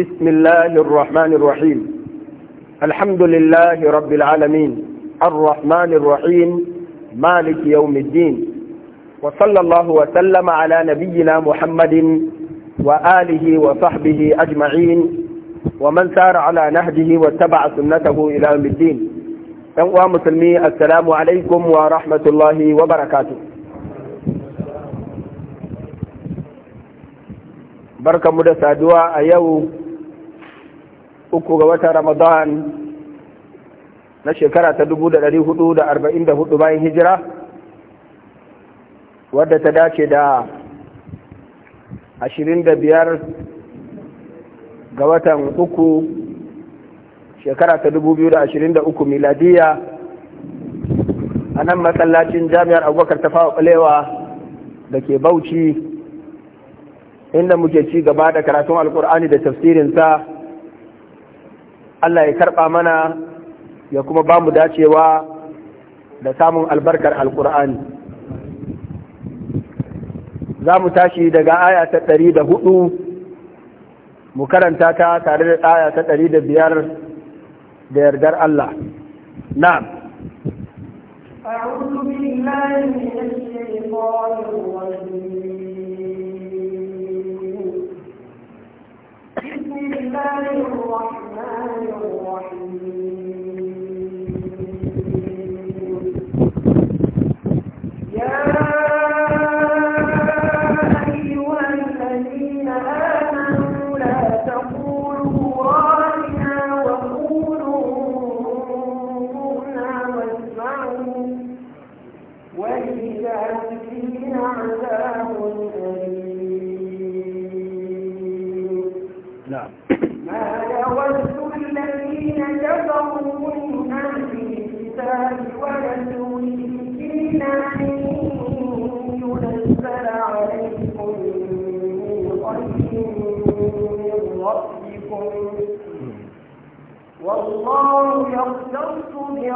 بسم الله الرحمن الرحيم الحمد لله رب العالمين الرحمن الرحيم مالك يوم الدين وصلى الله وسلم على نبينا محمد وآله وصحبه أجمعين ومن سار على نهجه واتبع سنته إلى يوم الدين مسلمي السلام عليكم ورحمة الله وبركاته barka mu da saduwa a yau uku ga watan ramadan na shekara ta dubu da hudu da arba'in da hudu bayan hijira wadda ta dace da ashirin da biyar ga watan uku shekara ta dubu biyu da da uku miladiya a nan matsalacin jami'ar abubakar ta fawa ɓalewa da ke bauchi inda muke ci gaba da karatun alkur'ani da tafsirinsa Allah ya karɓa mana ya kuma ba mu dacewa da samun albarkar alkur'ani za mu tashi daga aya ta ɗari da hudu mu karanta ta tare da aya ta ɗari da biyar da yardar Allah na'am أعوذ بالله من الشيطان الرجيم الله الرحمن الرحيم يا أيها الذين آمنوا لا تقولوا راعنا وقولوا انظرنا واسمعوا وإذا ذكرنا عذاب أليم نعم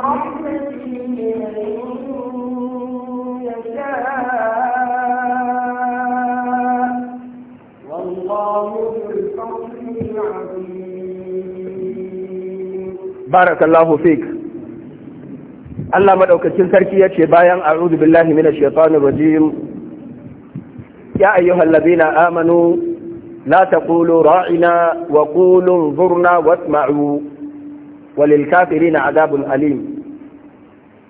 بارك الله فيك الله مدوكتين تركية شبايا أعوذ بالله من الشيطان الرجيم يا أيها الذين آمنوا لا تقولوا راعنا وقولوا انظرنا واسمعوا وللكافرين عذاب أليم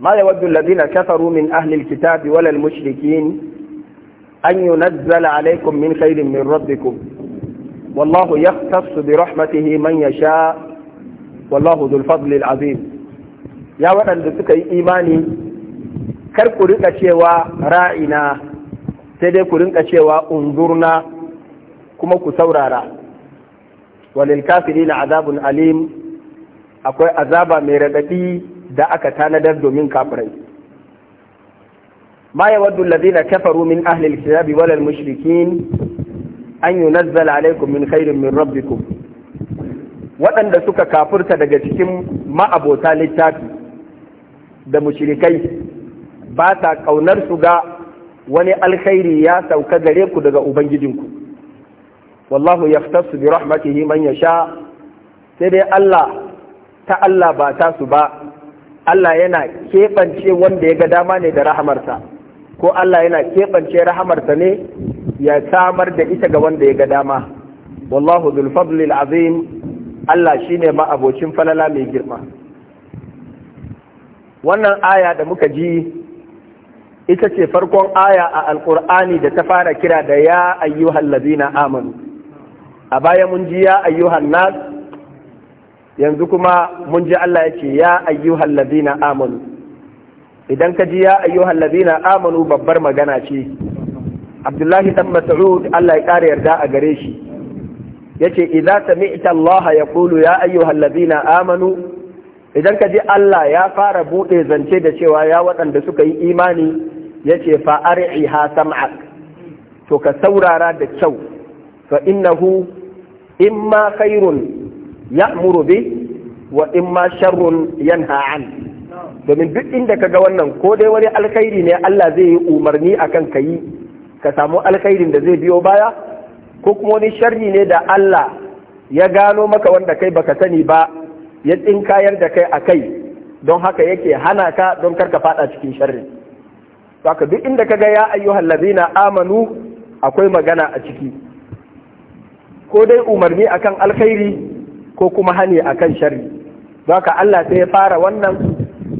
ما يود الذين كفروا من أهل الكتاب ولا المشركين أن ينزل عليكم من خير من ربكم والله يختص برحمته من يشاء والله ذو الفضل العظيم يا waɗanda suka yi imani kar ku rika cewa ra'ina sai dai ku rinka cewa unzurna kuma ku saurara walil kafirina azabun alim akwai azaba mai raɗaɗi da aka tanadar domin kafirai ma yawaddu alladhina kafaru min ahli alkitabi wal mushrikin an yunazzala alaykum min khairin min rabbikum waɗanda suka kafurta daga cikin ma'abota littafi da mushrikai ba ta ƙaunar su ga wani alkhairi ya sauka gare ku daga ubangijinku wallahu yaftasu bi rahmatihi man sha. sai dai Allah ta Allah ba ta su ba Allah yana keɓance wanda ya ga dama ne da rahamarsa ko Allah yana keɓance rahamarsa ne ya samar da ita ga wanda ya ga dama wallahu dhul azim Allah shine ma abocin falala mai girma wannan aya da muka ji ita ce farkon aya a alkur'ani da ta fara kira da ya ayyuhal ladina amanu a baya mun ji ya ayyuhan nas yanzu kuma mun ji Allah ya ce ya ayyuhal ladina amanu idan ka ji ya ayyuhal ladina amanu babbar magana ce Abdullahi dan Mas'ud Allah ya kare yarda a gare shi yace idza sami'ta Allah ya kulu ya ayyuhal ladina amanu idan ka ji Allah ya fara bude zance da cewa ya waɗanda suka yi imani yace fa ar'iha sam'ak to ka saurara da kyau fa innahu imma kairun. ya'muru bi wa imma sharrun yanha an domin duk inda ka ga wannan ko dai wani alkhairi ne Allah zai yi umarni akan kayi ka samu alkhairin da zai biyo baya ko kuma wani sharri ne da Allah ya gano maka wanda kai baka sani ba ya tsinkayar da kai a kai don haka yake hana ka don karka fada cikin sharri haka duk inda kaga ya ayyuhal ladina amanu akwai magana a ciki ko dai umarni akan alkhairi ko kuma hani akan Za ka Allah sai ya fara wannan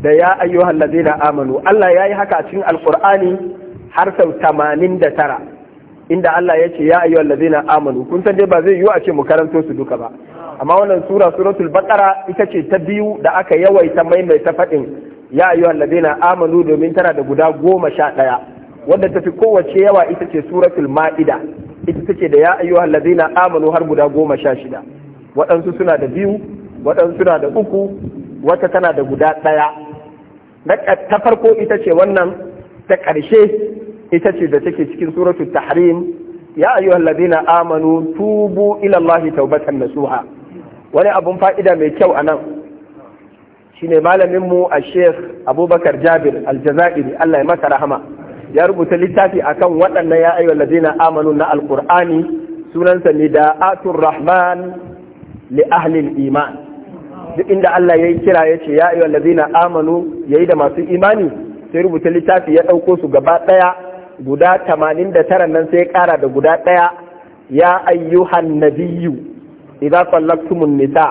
da ya ayyuhal da amanu Allah ya yi haka a cikin alkurani har sau da tara, inda Allah ya ce ya ayyuhal amanu kun san dai ba zai yiwu a ce mu karanto su duka ba amma wannan sura suratul baqara ita ce ta biyu da aka yawaita mai mai ta faɗin ya ayyuhal ladina amanu domin tana da guda goma sha ɗaya wadda ta fi kowace yawa ita ce suratul ma'ida ita ce da ya ayyuhal amanu har guda goma sha shida waɗansu suna da biyu waɗansu suna da uku wata tana da guda ɗaya ta farko ita ce wannan ta ƙarshe ita ce da take cikin suratul tahrim ya ayyuhal ladina amanu tubu ila allahi taubatan nasuha wani abun fa'ida mai kyau a nan shine malamin mu a sheikh abubakar jabir aljazairi allah ya masa rahama ya rubuta littafi akan waɗannan ya ayyuhal ladina amanu na alqur'ani sunansa ni da rahman li ahlil iman duk inda Allah ya yi kira ya ce ya ayyuhal ladina amanu yayi da masu imani sai rubuta littafi ya ɗauko su gaba ɗaya guda tamanin da tara nan sai ya ƙara da guda ɗaya ya ayyuhan nabiyyu idza sallaktumun nisa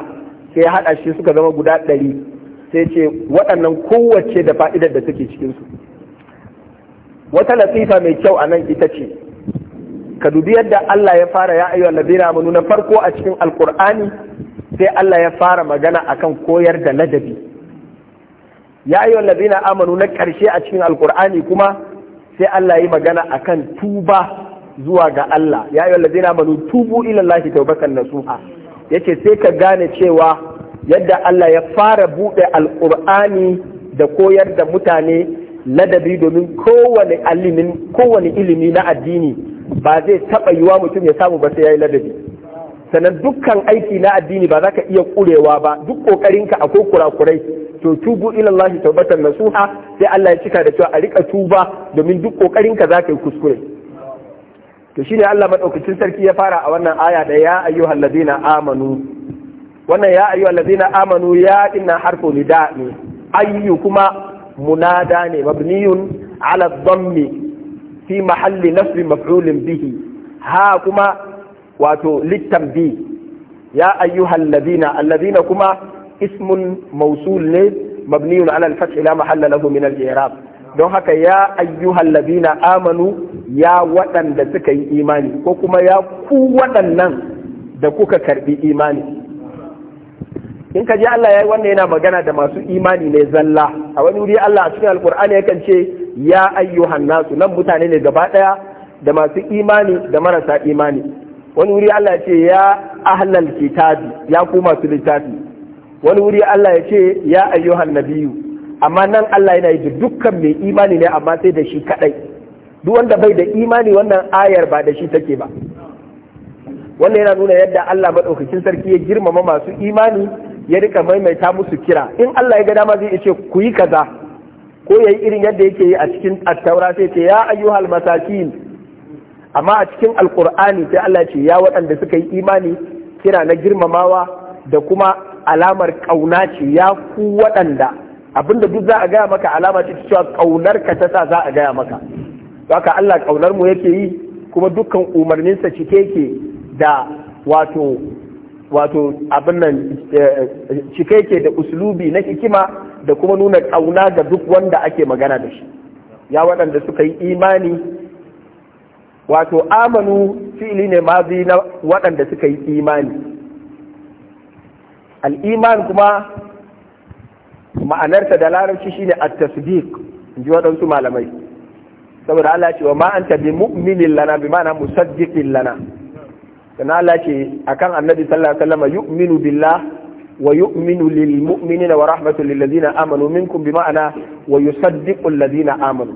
sai ya haɗa shi suka zama guda ɗari sai ce waɗannan kowace da fa'idar da take cikinsu wata latifa mai kyau a nan ita ce ka dubi yadda Allah ya fara ya ayyuhal ladina amanu na farko a cikin alqur'ani sai Allah ya fara magana akan koyar da ladabi ya ayyuhal ladina amanu na karshe a cikin alqur'ani kuma sai Allah ya yi magana akan tuba zuwa ga Allah ya ayyuhal ladina amanu tubu ila Allahi tawbatan nasuha yace sai ka gane cewa yadda Allah ya fara bude alqur'ani da koyar da mutane ladabi domin kowane alimin, ilimi na addini ba zai taɓa yiwa mutum ya samu ba sai ya yi ladabi sannan dukkan aiki na addini ba za ka iya ƙurewa ba duk ƙoƙarinka akwai kurakurai to tubu ilallahi tabbatar nasuha sai Allah ya cika da cewa a rika tuba domin duk ƙoƙarinka za ka yi kuskure to shine Allah maɗaukacin sarki ya fara a wannan aya da ya ayyuhal ladina amanu wannan ya ayyuhal ladina amanu ya inna harfu nida ne ayyu kuma munada ne mabniyun ala dhammi fi mahalli nasbi maf'ulin bihi ha kuma wato littan bi ya ayyuhal ladina alladina kuma ismun mausul ne mabniyun ala al ila la mahalla lahu min al don haka ya ayyuhal ladina amanu ya waɗanda suka yi imani ko kuma ya ku waɗannan da kuka karɓi imani in ka ji Allah ya yi wannan yana magana da masu imani ne zalla a wani wuri Allah a cikin alkur'ani yakan ce ya ayyuhan nasu nan mutane ne gaba daya da masu imani da marasa imani wani wuri Allah ya ce ya ahlal kitabi ya ku masu littafi wani wuri Allah ya ce ya ayyuhan nabiyu amma nan Allah yana yi dukkan mai imani ne amma sai da shi kadai duk wanda bai da imani wannan ayar ba da shi take ba Wanda yana nuna yadda Allah madaukakin sarki ya girmama masu imani ya rika maimaita musu kira in Allah ya ga dama zai ce ku yi kaza ko ya yi irin yadda yake yi a cikin attaura sai ce ya ayyuhal masakin amma a cikin alqur'ani sai Allah ce ya waɗanda suka yi imani kira na girmamawa da kuma alamar kauna ce ya ku waɗanda abinda duk za a gaya maka alama ce cewa kaunar ka ta sa za a gaya maka haka Allah kaunar mu yake yi kuma dukkan umarninsa cike yake da wato wato abin nan eh, ke da uslubi na hikima da kuma nuna ƙauna ga duk wanda ake magana da shi ya waɗanda suka yi imani wato amanu fi'ili ne mazi na waɗanda suka yi imani al'iman kuma ma'anarsa da larabci shine a tasdiq in ji waɗansu malamai saboda Allah ce wa bi mu'minin lana bi ma'ana musaddiqin lana kana Allah ce akan annabi sallallahu alaihi wasallam yu'minu billah wa yu'minu lil mu'minina wa rahmatul lil ladina amanu minkum bi ma'ana wa yusaddiqu lazina amanu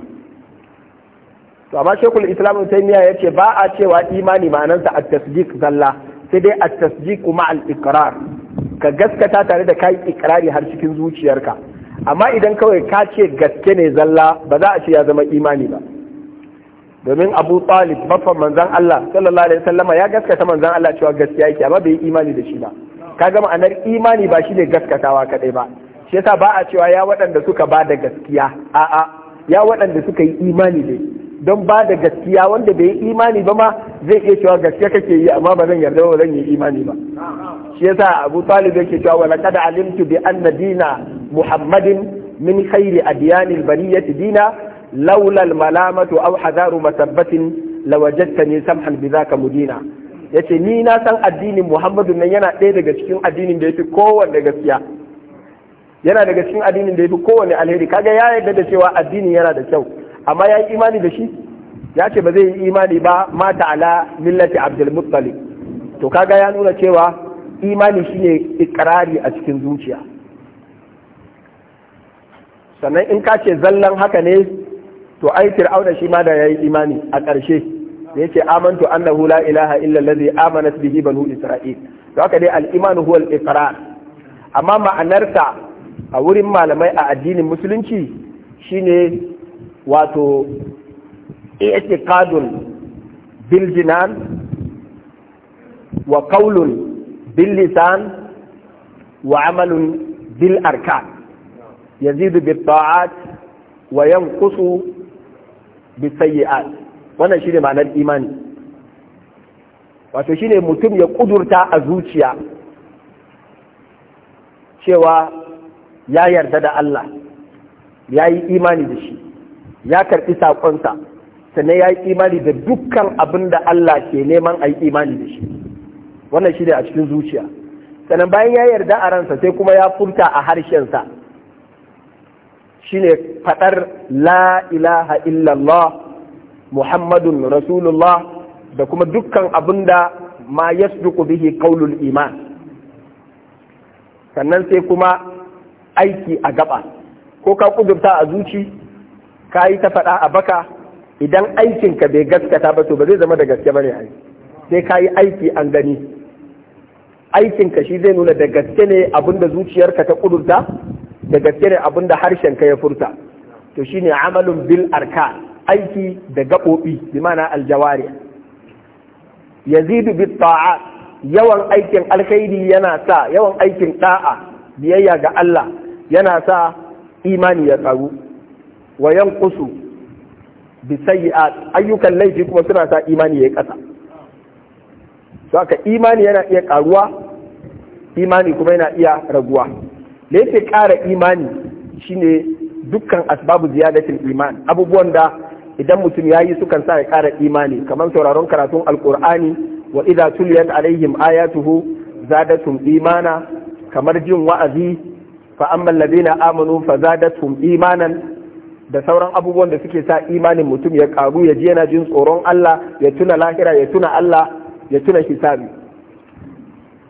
to amma shekul islam taymiya yace ba a cewa imani sa at-tasdiq zalla sai dai at tasdiq ma'al iqrar ka gaskata tare da kai ikrari har cikin zuciyarka amma idan kawai ka ce gaske ne zalla ba za a ce ya zama imani ba domin abu talib baffan manzan Allah sallallahu alaihi sallama, ya gaskata manzan Allah cewa gaskiya yake amma bai imani da shi ba ka gama anar imani ba shi ne gaskatawa kadai ba shi yasa ba a cewa ya waɗanda suka ba da gaskiya a'a ya waɗanda suka yi imani ne don ba da gaskiya wanda bai yi imani ba ma zai iya cewa gaskiya kake yi amma ba zan yarda ba zan yi imani ba shi yasa abu talib yake cewa wala kada alimtu bi anna dina muhammadin min khairi adyanil bariyati dina laulal malamatu aw hadaru masabbatin lawajadtani samhan bidhaka mudina yace ni na san addinin Muhammadu nan yana ɗaya daga cikin addinin da yafi kowanne gaskiya yana daga cikin addinin da yafi kowanne alheri kaga ya yarda da cewa addinin yana da kyau amma ya yi imani da shi ya ce ba zai yi imani ba mata ala millati abdul muttalib to kaga ya nuna cewa imani shine ikrari a cikin zuciya sannan in ka ce zallan haka ne to ai fir'auna shi ma da yayi imani a ƙarshe da ce amantu annahu la ilaha illa allazi amanat bihi banu isra'il to haka dai al-iman huwa al-iqrar amma ma'anarta a wurin malamai a addinin musulunci shine wato i'tiqadun bil jinan wa qawlun bil lisan wa amalun bil arkan yazidu bit ta'at wa yanqusu bisayyi'at wannan shine ma'anar imani wato shine mutum ya kudurta a zuciya cewa ya yarda da Allah ya yi imani da shi ya karɓi sakonsa sannan ya yi imani da dukkan abin da Allah ke neman a yi imani da shi wannan shine a cikin zuciya sannan bayan ya yarda a ransa sai kuma ya furta a harshensa shine fadar la ilaha illallah muhammadun rasulullah da kuma dukkan abinda ma yasduqu bihi qaulul iman sannan sai kuma aiki a gaba ko ka ƙudurta a zuci ka yi ta faɗa a baka idan aikinka bai gaskata ba to ba zai zama da gaske ba ne a sai ka yi aiki an gani aikinka shi zai nuna da gaske ne abinda zuciyarka ta ƙudurta? da gaske ne abin da harshen ka ya furta to shine amalun bil arka aiki da gaɓoɓi bi ma'ana aljawari yazidu bit ta'at yawan aikin alkhairi yana sa yawan aikin ɗa'a biyayya ga Allah yana sa imani ya tsaru wa yanqusu bi sayyi'at ayyukan laifi kuma suna sa imani ya kasa to haka imani yana iya karuwa imani kuma yana iya raguwa da yake ƙara imani shine dukkan asbabu ziyadatul iman abubuwan da idan mutum ya yi sukan sa ya ƙara imani kamar sauraron karatun alƙur'ani wa idza tuliyat alaihim ayatuhu zadatum imana kamar jin wa'azi fa amma na amanu fa zadatum imanan da sauran abubuwan da suke sa imanin mutum ya karu ya ji yana jin tsoron Allah ya tuna lahira ya tuna Allah ya tuna hisabi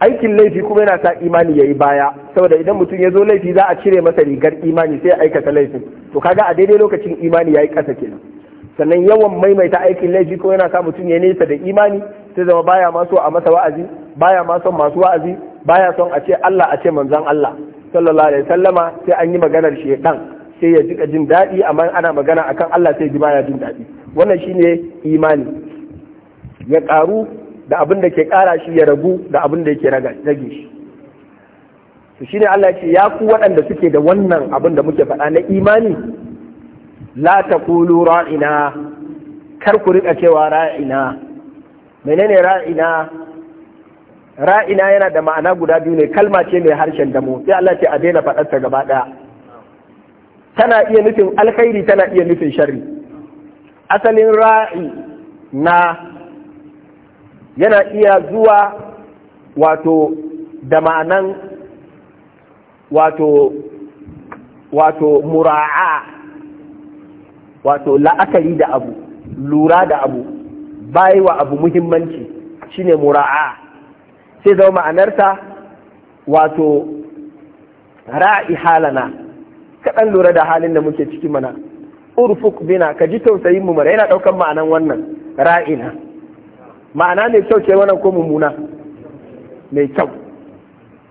aikin laifi kuma yana sa imani yayi baya saboda idan mutum ya zo laifi za a cire masa rigar imani sai ya aikata laifin to kaga a daidai lokacin imani ya yi ƙasa kenan sannan yawan maimaita aikin laifi kuma yana sa mutum ya nesa da imani sai zama baya ma so a masa wa'azi baya ma son masu wa'azi baya son a ce Allah a ce manzon Allah sallallahu alaihi sallama sai an yi maganar shedan sai ya jika jin daɗi amma ana magana akan Allah sai ji baya jin daɗi wannan shine imani ya ƙaru da abin da ke kara shi ya ragu da abin da yake rage shi shi ne Allah ce ya ku waɗanda suke da wannan abin da muke faɗa na imani la kulu ra'ina kar ku rika cewa ra'ina menene ra'ina ra'ina yana da ma'ana guda biyu ne kalma ce mai harshen damo sai Allah ce a daina faɗarsa gaba ɗaya tana iya nufin alkhairi tana iya nufin sharri asalin ra'i na yana iya zuwa wato da ma'anan wato wato mura'a wato la'akari da abu lura da abu bai wa abu muhimmanci shine mura'a sai zama ma'anarta wato ra'i halana kaɗan lura da halin da muke ciki mana urfuk bina ka ji tausayin mu mara yana ɗaukan ma'anan wannan ra'ina ma'ana mai kyau ce wannan ko mummuna mai kyau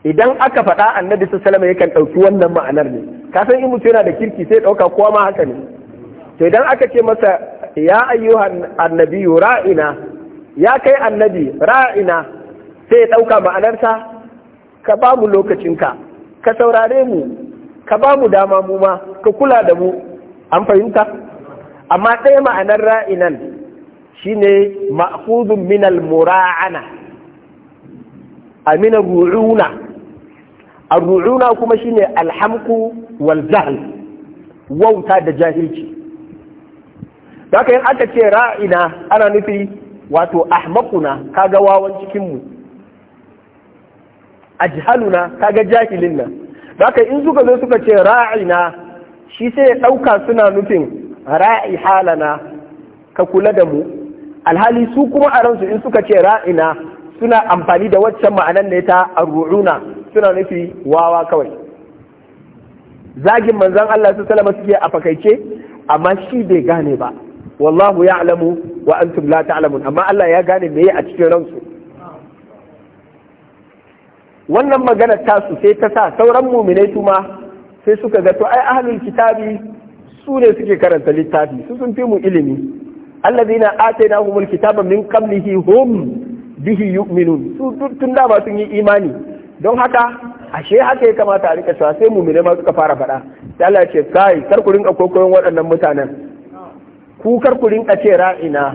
idan aka faɗa annabi sallallahu yakan ɗauki wannan ma'anar ne ka san in mutum yana da kirki sai ɗauka kowa ma haka ne to idan aka ce masa ya ayyuhan annabi ra'ina ya kai annabi ra'ina sai ya ɗauka ma'anarsa ka ba mu lokacinka ka saurare mu ka ba mu dama mu ma ka kula da mu an fahimta amma ɗaya ma'anar ra'inan shine ma'khudun min al-mura'ana amina ru'una ar-ru'una kuma shine alhamku wal jahl wauta da jahilci haka in aka ce ra'ina ana nufi wato ahmakuna kaga wawan cikinmu ajhaluna kaga jahilin nan haka in suka zo suka ce ra'ina shi sai ya ɗauka suna nufin ra'i halana ka kula da mu alhali su kuma a ransu in suka ce ra'ina suna amfani da waccan ma'anan ne ta arru'una suna nufi wawa kawai zagin manzon Allah su salama suke a fakaice amma shi bai gane ba wallahu ya'lamu wa antum la ta'lamun amma Allah ya gane me a cikin ransu wannan magana su sai ta sa sauran muminai ma sai suka ga to ai ahlul kitabi su ne suke karanta littafi su sun fi mu ilimi allazina atainahumul kitaba min qablihi hum bihi yu'minun su tun da ba sun yi imani don haka ashe haka ya kamata a rika cewa sai mumine ma suka fara faɗa sai Allah ce kai kar ku rinka waɗannan mutanen ku kar ku rinka ce ra'ina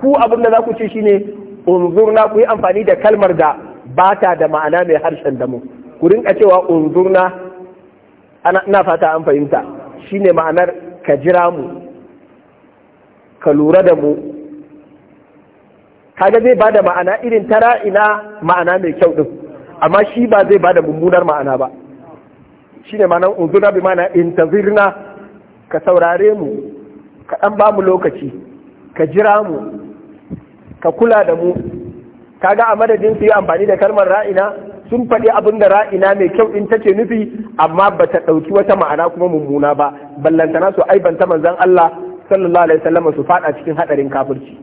ku abin da za ku ce shine unzurna ku yi amfani da kalmar da ba ta da ma'ana mai harshen mu ku rinka cewa unzurna ana fata an fahimta shine ma'anar ka jira mu ka lura da mu kaga zai bada ma'ana irin tara ina ma'ana mai kyau din amma shi ba zai bada mummunar ma'ana ba shine ma'anar unzuna bi ma'ana intazirna ka saurare mu ka ɗan ba mu lokaci ka jira mu ka kula da mu kaga a madadin su yi amfani da kalmar ra'ina sun faɗi abin da ra'ina mai kyau in take nufi amma ba ta ɗauki wata ma'ana kuma mummuna ba ballantana su aibanta manzon Allah sallallahu alaihi wasallam su fada cikin hadarin kafirci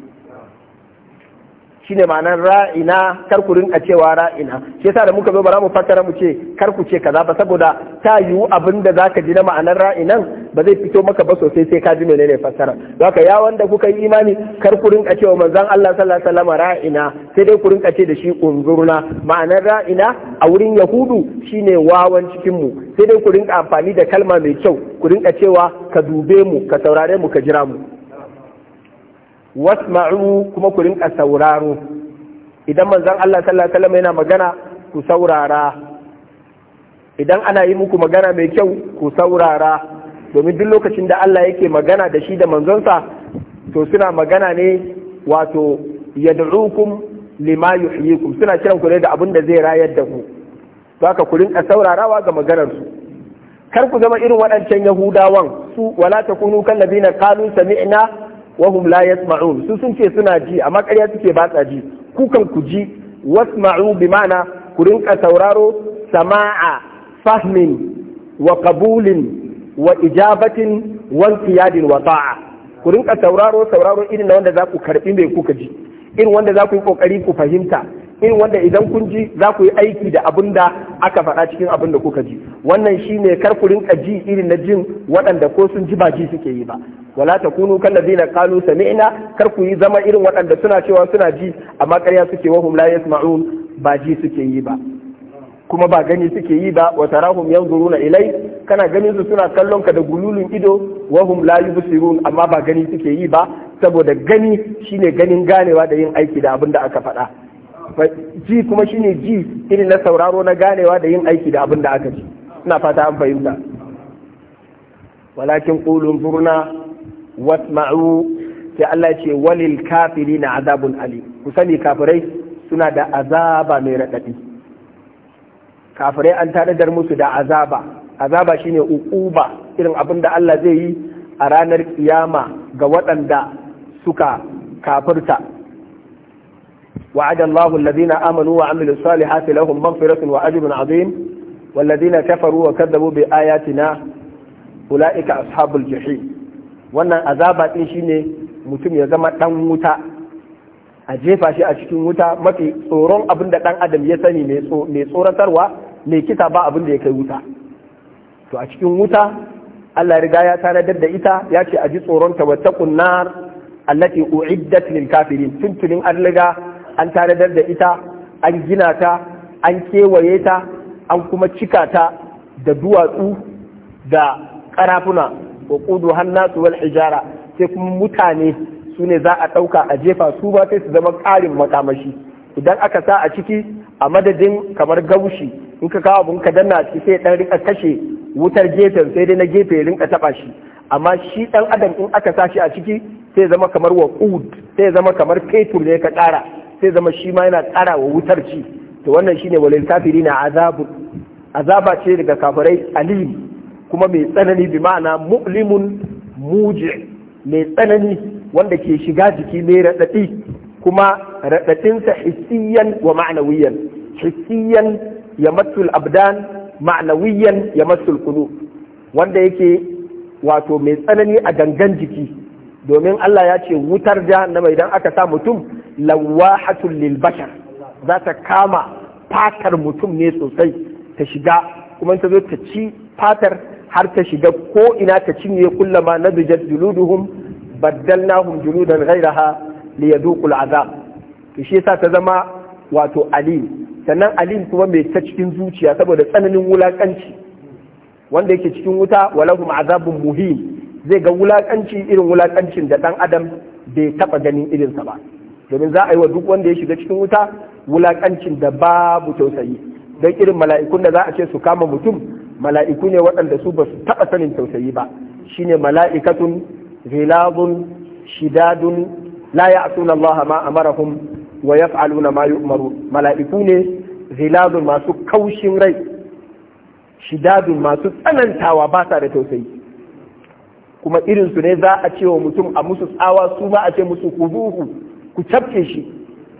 shine ma'anar ra'ina kar ku rinka cewa ra'ina shi yasa da muka zo bara mu fassara mu ce kar ku ce kaza ba saboda ta yiwu abin da zaka ji na ma'anar ra'inan ba zai fito maka ba sosai sai ka ji menene fassara zaka ya wanda kuka yi imani kar ku rinka cewa manzon Allah sallallahu alaihi wasallam ra'ina sai dai ku rinka ce da shi unzuruna ma'anar ra'ina a wurin yahudu shine wawan cikin mu sai dai ku rinka amfani da kalma mai kyau ku rinka cewa ka dube mu ka saurare mu ka jira mu wasma'u kuma ku rinka sauraro idan manzon Allah sallallahu alaihi yana magana ku saurara idan ana yi muku magana mai kyau ku saurara domin duk lokacin da Allah yake magana da shi da manzonsa to suna magana ne wato yad'ukum lima yuhyikum suna kiran ku ne da abin da zai rayar da ku to haka ku rinka saurarawa ga maganar su kar ku zama irin waɗancan yahudawan su wala takunu kallabina qalu sami'na wahum la yasma'un su sun ce suna ji amma ƙarya suke ba sa ji ku kan ku ji wasma'u bi ma'ana ku rinka sauraro sama'a fahmin wa qabulin wa ijabatin wa qiyadin wa ta'a ku rinka sauraro sauraro irin wanda za ku karbi mai kuka ji irin wanda za ku yi kokari ku fahimta irin wanda idan kun ji za ku yi aiki da abin da aka faɗa cikin abin da kuka ji wannan shi ne kar ku rinka ji irin na jin waɗanda ko sun ji ba ji suke yi ba wala takunu ladina qalu sami'na kar ku yi zama irin waɗanda suna cewa suna ji amma ƙarya suke wa hum la yasma'un ba ji suke yi ba kuma ba gani suke yi ba wa tarahum yanzuruna ilai kana ganin su suna kallon ka da gululun ido wa hum la yubsirun amma ba gani suke yi ba saboda gani shine ganin ganewa da yin aiki da abin da aka faɗa ji kuma shine ji irin na sauraro na ganewa da yin aiki da abin da aka ji ina fata an fahimta walakin qulun zurna wasma'u sai Allah ya ce walil na azabun ali ku sani kafirai suna da azaba mai raɗaɗi kafirai an tanadar musu da azaba azaba shine uba irin abin da Allah zai yi a ranar kiyama ga waɗanda suka kafirta وعد الله الذين آمنوا وعملوا الصالحات لهم مغفرة وأجر عظيم والذين كفروا وكذبوا بآياتنا أولئك أصحاب الجحيم wannan azaba shi ne mutum ya zama ɗan wuta a jefa shi a cikin wuta mafi tsoron abin da ɗan adam ya sani mai tsoratarwa mai kisa ba abin da ya kai wuta to a cikin wuta Allah riga ya tanadar da ita ya ce a ji tsoron ta wata kunnar allati uiddat lil kafirin tuntunin an riga an tanadar da ita an gina ta an kewaye ta an kuma cika ta da duwatsu da karafuna wa kudu hannasu wal hijara sai kuma mutane su ne za a ɗauka a jefa su ba sai su zama ƙarin makamashi idan aka sa a ciki a madadin kamar gaushi in ka kawo abun ka danna a ciki sai ɗan rika kashe wutar gefen sai dai na gefe rinka taɓa shi amma shi dan adam in aka sa shi a ciki sai zama kamar waƙud sai zama kamar fetur ne ka ƙara sai zama shi ma yana ƙara wa wutar ci to wannan shine walil kafirina azabu azaba ce daga kafirai alim kuma mai tsanani bi ma'ana mu'limun muji mai tsanani wanda ke shiga jiki mai raɗaɗi kuma raɗaɗinsa hissiyan wa ma'anawiyan hissiyan ya matsul abdan ma'anawiyan ya matsul kulu wanda yake wato mai tsanani a gangan jiki domin Allah ya ce wutar da na mai dan aka sa mutum lawahatul lil bashar za ta kama fatar mutum ne sosai ta shiga kuma ta zo ta ci fatar har ta shiga ko ina ta cinye kullama nadijat juluduhum baddalnahum juludan ghayraha liyaduqu al'azab to shi yasa ta zama wato alim sannan alim kuma mai ta cikin zuciya saboda tsananin wulakanci wanda yake cikin wuta walahum azabun muhim zai ga wulakanci irin wulakancin da ɗan adam bai taɓa ganin irinsa ba domin za a yi wa duk wanda ya shiga cikin wuta wulakancin da babu tausayi don irin mala'ikun da za a ce su kama mutum mala'iku ne waɗanda su ba su taɓa sanin tausayi ba Shi ne mala'ikatun zilazun shidadun la ya'suna Allah ma amarahum wa yaf'aluna ma umaru mala'iku ne zilazun masu kaushin rai shidadun masu tsanantawa ba sa da tausayi kuma irinsu ne za a ce wa mutum a musu tsawa su ma a ce musu kuzuhu ku cafke shi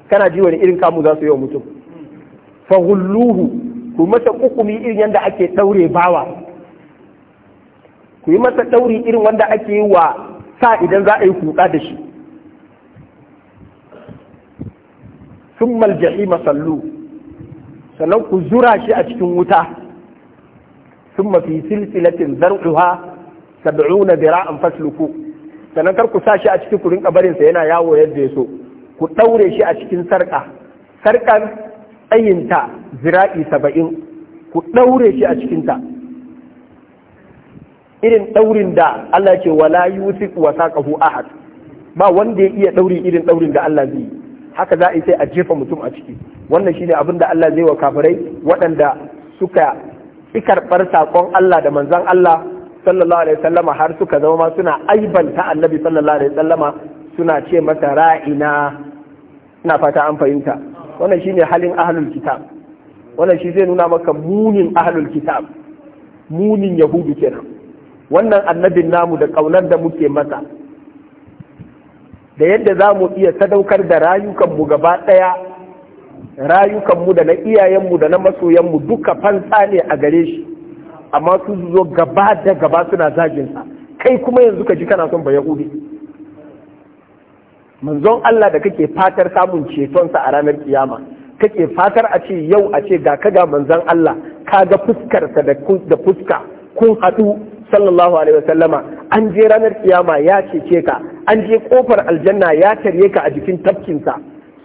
kana ji wani irin kamu za su yi wa mutum fahulluhu ku masa kukumi irin yadda ake ɗaure bawa ku yi masa ɗauri irin wanda ake yi wa sa idan za a yi kuka da shi sun maljahi masallu sannan ku zura shi a cikin wuta sun mafi silsilatin zar'uha sab'una an fasluku sannan kar ku sa shi a cikin kurin kabarinsa yana yawo yadda ya so ku ɗaure shi a cikin sarƙa sarƙar tsayinta zira'i saba'in ku ɗaure shi a cikinta irin ɗaurin da Allah ke wala yusuf wa saqahu ahad ba wanda ya iya ɗauri irin ɗaurin da Allah zai haka za a yi sai a jefa mutum a ciki wannan shine abin da Allah zai wa kafirai waɗanda suka karɓar saƙon Allah da manzan Allah sallallahu alaihi wasallama har suka zama ma suna aibanta annabi sallallahu alaihi wasallama suna ce masa ra'ina ina fata an fahimta wannan shine halin ahlul kitab wannan shi zai nuna maka munin ahlul kitab munin yahudu kenan wannan annabin namu da kaunar da muke masa da yadda za mu iya sadaukar da rayukanmu gaba ɗaya rayukanmu da na iyayenmu da na masoyanmu duka fansa ne a gare shi amma su zo gaba da gaba suna zaginsa kai kuma yanzu ka ji kana son ba yahudi manzon Allah da kake fatar samun cetonsa a ranar kiyama kake fatar a ce yau a ce ga ga manzon Allah ka ga fuskarsa da fuska kun haɗu sallallahu alaihi wasallama an je ranar kiyama ya cece ka an je kofar aljanna ya tarye ka a jikin tafkinsa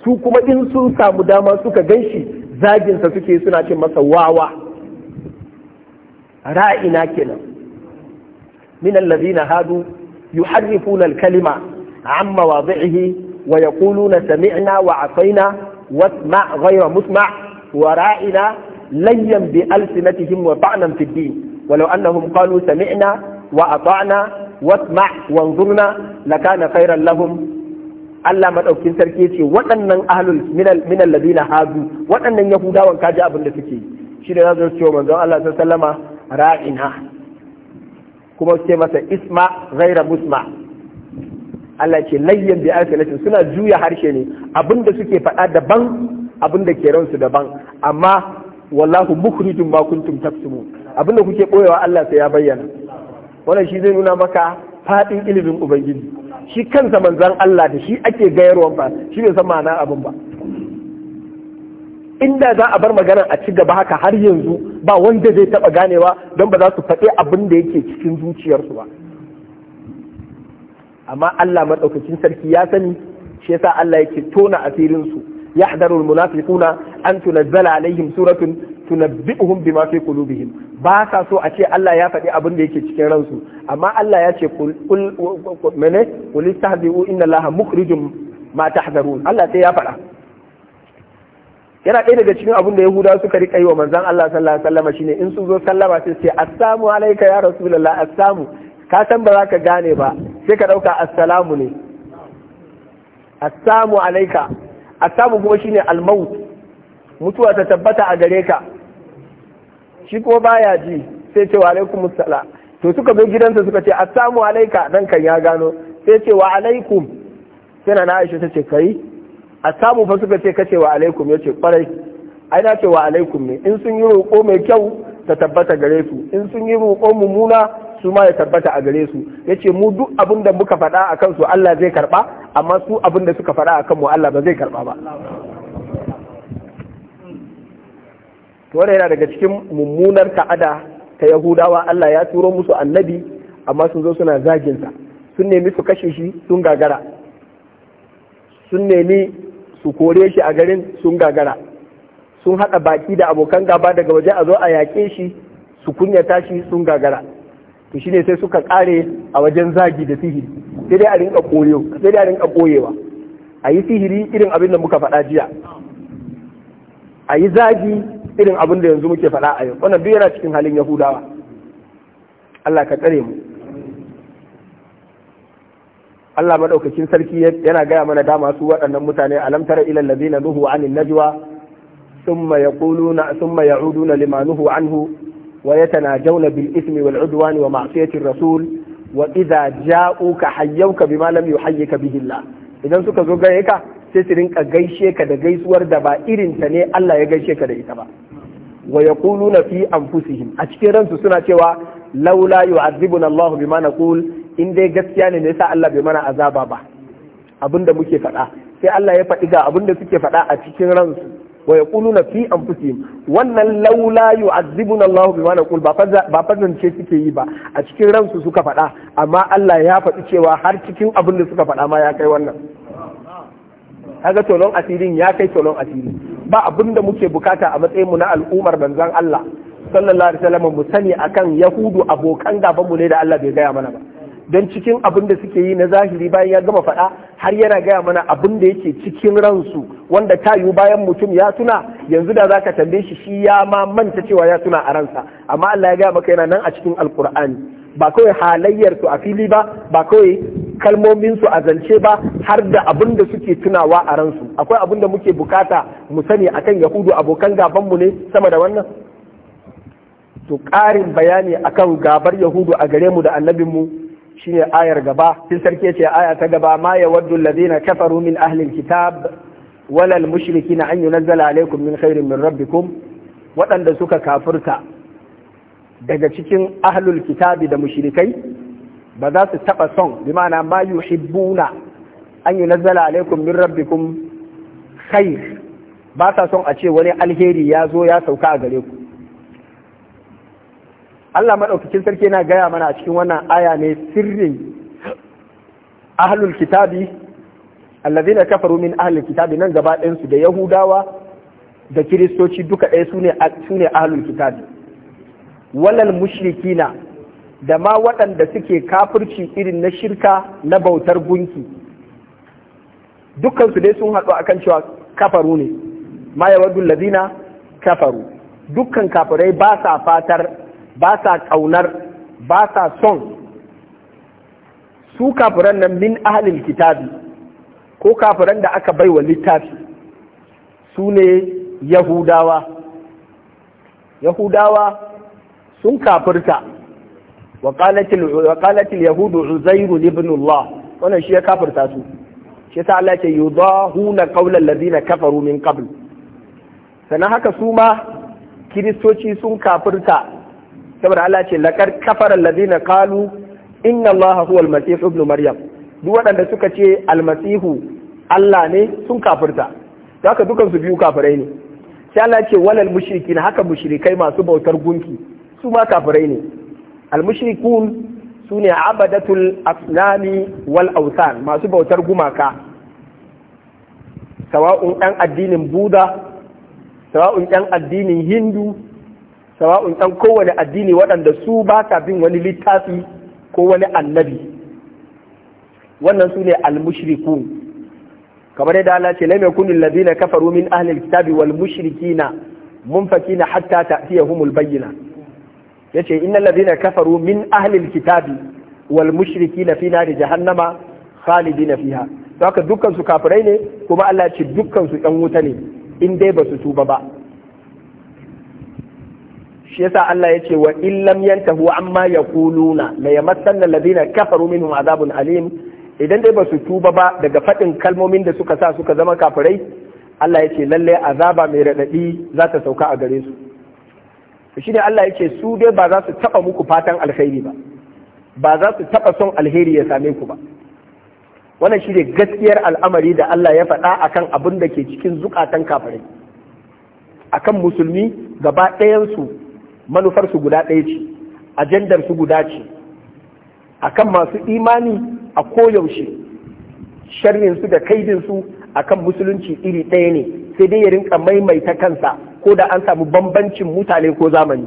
su kuma in sun samu dama suka ganshi zaginsa suke suna ce masa wawa ra'ina kenan min allazina hadu yuharrifuna alkalima kalima عن مواضعه ويقولون سمعنا وعصينا واسمع غير مسمع ورائنا ليا بألسنتهم وطعنا في الدين ولو أنهم قالوا سمعنا وأطعنا واسمع وانظرنا لكان خيرا لهم Allah maɗaukin sarki ce waɗannan ahlul min alladina hadu waɗannan yahudawan kaji abin da suke shi da zasu ce manzon Allah sallallahu ra'ina kuma ce masa isma raira musma Allah ce layyan bi alsinatin suna juya harshe ne abinda suke faɗa daban abinda ke ransu daban amma wallahu mukhrijum ma kuntum taktumun abinda kuke boyewa Allah sai ya bayyana wannan shi zai nuna maka fadin ilimin ubangiji shi kansa manzon Allah da shi ake gayarwa ba shi bai san ma'ana abin ba inda za a bar magana a ci gaba haka har yanzu ba wanda zai taba ganewa don ba za su faɗi abin da yake cikin zuciyarsu ba amma Allah madaukakin sarki ya sani shi yasa Allah yake tona asirin su yahdarul munafiquna an tunazzala alaihim suratun tunabbi'uhum bima fi qulubihim ba sa so a ce Allah ya faɗi abin da yake cikin ransu amma Allah ya ce kul mene kul istahzi'u inna Allaha mukhrijum ma tahzarun Allah sai ya faɗa yana ɗaya daga cikin abin da Yahuda suka rika yi wa manzon Allah sallallahu alaihi wasallam shine in sun zo sallama sai sai assalamu alayka ya rasulullah assalamu ka san ba za ka gane ba sai ka ɗauka assalamu ne assamu alaika assamu kuma shi ne almaut mutuwa ta tabbata a gare ka shi ko baya ji sai ce wa alaikum assala to suka zo gidansa suka ce assamu alaika dan kan ya gano sai ce wa alaikum sai na Aisha ta ce kai assamu fa suka ce kace wa alaikum yace kwarai ai na ce wa alaikum ne in sun yi roƙo mai kyau ta tabbata gare su in sun yi roƙo mummuna su ma ya tabbata a gare su ce mu duk abin da muka faɗa a kansu Allah zai karɓa amma su abin da suka faɗa a kanmu Allah ba zai karɓa ba to wannan yana daga cikin mummunar ta'ada ta Yahudawa Allah ya turo musu annabi amma sun zo suna zagin sun nemi su kashe shi sun gagara sun nemi su kore shi a garin sun gagara sun haɗa baki da abokan gaba daga waje a zo a yaƙe shi su kunyata shi sun gagara to shine sai suka kare a wajen zagi da sihiri sai dai a rinka koyo sai dai a rinka koyewa a yi sihiri irin abin da muka faɗa jiya a yi zagi irin abin da yanzu muke faɗa a yau wannan duk yana cikin halin yahudawa Allah ka tsare mu Allah madaukakin sarki yana gaya mana dama su waɗannan mutane alam tara ilal ladina nuhu anin najwa thumma yaquluna thumma ya'uduna limanuhu anhu ويتناجون بالإثم والعدوان ومعصية الرسول وإذا جاءوك حيوك بما لم يحيك به الله إذا سوك زوجيك سيسرين كجيشك دا جيس ورد با إرن تني الله يجيشك دا إتبا ويقولون في أنفسهم أشكرا سنة شوى لولا يعذبنا الله بما نقول إن دي قسيان نساء الله بما نعذابا با أبند مكي muke سي الله يفتقى أبند سكي ga abin da wa na fi anfusihim wannan laula yu'azzibuna Allahu bima ba ba ce suke yi ba a cikin ransu suka faɗa amma Allah ya faɗi cewa har cikin abin da suka faɗa ma ya kai wannan kaga tolon asirin ya kai tolon asiri ba abin da muke bukata a matsayin mu na al'ummar manzon Allah sallallahu alaihi wasallam mu sani akan yahudu abokan gaban mu ne da Allah bai gaya mana ba don cikin abin da suke yi na zahiri bayan ya gama faɗa har yana gaya mana abin da yake cikin ransu wanda ta yiwu bayan mutum ya tuna yanzu da zaka tambaye shi shi ya ma manta cewa ya tuna a ransa amma Allah ya gaya maka yana nan a cikin alkur'ani ba kawai halayyar su a fili ba ba kawai kalmomin su a zance ba har da abin da suke tunawa a ransu akwai abin da muke bukata mu sani akan yahudu abokan gaban mu ne sama da wannan to karin bayani akan gabar yahudu a gare mu da annabinmu shine ayar gaba sun sarki ce aya ta gaba ma yawaddu allazina kafaru min ahli alkitab wala almushrikina an yunzala alaikum min khairin min rabbikum waɗanda suka kafurta daga cikin ahlul kitabi da mushrikai ba za su taɓa son bi ma'ana ma yuhibbuna an yunzala alaikum min rabbikum khair ba sa son a ce wani alheri ya zo ya sauka a gare ku Allah maɗaukakin sarki yana gaya mana a cikin wannan aya ne sirrin ahlul kitabi na kafaru min ahlul kitabi nan gaba ɗayansu da yahudawa da kiristoci duka ɗaya su ne ahlul kitabi walal mushrikina da ma waɗanda suke kafirci irin na shirka na bautar gunki dukkansu dai sun haɗu akan cewa kafaru ne ma yawar kafaru dukkan kafirai ba sa fatar ba sa ƙaunar ba sa son su kafiran nan min ahalin kitabi ko kafiran da aka baiwa littafi su ne yahudawa yahudawa sun kafirta wa yahudu uzairu ibn allah wannan shi ya kafirta su shi ta Allah ce yudahuna qawla alladhina kafaru min qabl sannan haka su ma kiristoci sun kafirta saboda Allah ce laqad kafara alladhina qalu inna Allah huwa al-masih ibn maryam duk waɗanda suka ce almasihu Allah ne sun kafirta haka dukan su biyu kafirai ne sai Allah ce walal mushrikin haka mushrikai masu bautar gunki su ma kafirai ne al-mushrikun sune abadatul asnami wal awthan masu bautar gumaka sawa'un ɗan addinin buda sawa'un ɗan addinin hindu sawa'un ɗan kowane addini waɗanda su ba ta bin wani littafi ko wani annabi wannan su ne almushriku kamar yadda Allah ce lam yakun allazina kafaru min ahli alkitabi wal mushrikina munfakina hatta ta'tiyahumul bayyina yace innal ladzina kafaru min ahli kitabi wal mushrikina fi nari jahannama khalidina fiha haka dukkan su kafirai ne kuma Allah ce dukkan su ɗan wuta ne in dai ba su tuba ba shi yasa Allah ya ce wa illam yantahu amma ya yaquluna la yamassanna alladhina kafaru minhum azabun alim idan dai ba su tuba ba daga faɗin kalmomin da suka sa suka zama kafirai Allah ya ce lalle azaba mai raɗaɗi za ta sauka a gare su shi ne Allah ya ce su dai ba za su taba muku fatan alkhairi ba ba za su taɓa son alheri ya same ku ba wannan shi ne gaskiyar al'amari da Allah ya faɗa akan abin da ke cikin zukatan kafirai akan musulmi gaba ɗayansu manufar su guda ɗaya ce ajandar su guda ce a kan masu imani a koyaushe sharrinsu su da kaidin su kan musulunci iri ɗaya ne sai dai ya rinka maimaita kansa ko da an samu bambancin mutane ko zamani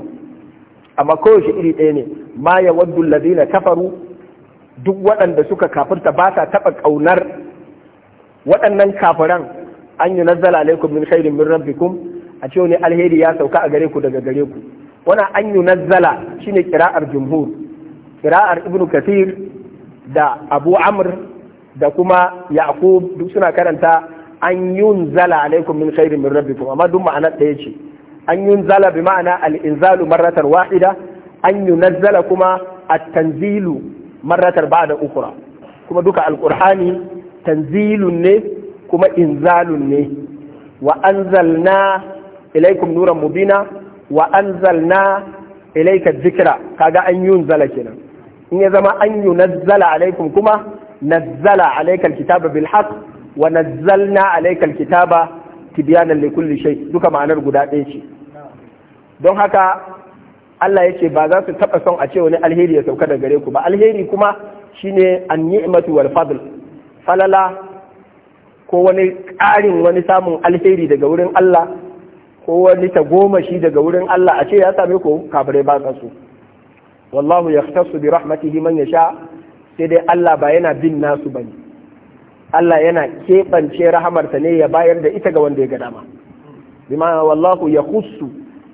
amma koyaushe iri ɗaya ne ma ya waddu kafaru duk waɗanda suka kafirta ba ta taɓa ƙaunar waɗannan kafiran an yi nazzala alaikum min khairin min rabbikum a cewa ne alheri ya sauka a gare ku daga gare ku wannan an yunazzala shine kira'ar jumhur kira'ar ibnu kathir da abu amr da kuma yaqub duk suna karanta an yunzala alaikum min khairin min rabbikum amma duk ma'ana ɗaya ce an zala bi ma'ana al-inzalu marratan wahida an yunazzala kuma a tanzilu marratar da ukra kuma duka Alkur'ani tanzilun ne kuma inzalun ne wa anzalna ilaikum nuran mubina wa anzalna ilayka dhikra kaga an yunzala kenan in ya zama an yunazzala alaikum kuma nazzala alayka alkitaba bil haqq wa nazzalna alayka alkitaba tibyanan li kulli shay duka ma'anar guda ɗaya ce don haka Allah ya ce ba za su taɓa son a ce wani alheri ya sauka da gare ku ba alheri kuma shine an ni'matu wal fadl falala ko wani ƙarin wani samun alheri daga wurin Allah ko wani shi daga wurin Allah a ce ya same ku kafirai ba kansu wallahu yahtassu bi rahmatihi man yasha sai dai Allah ba yana bin nasu bane Allah yana keɓance ta ne ya bayar da ita ga wanda ya ga dama bima wallahu yakhussu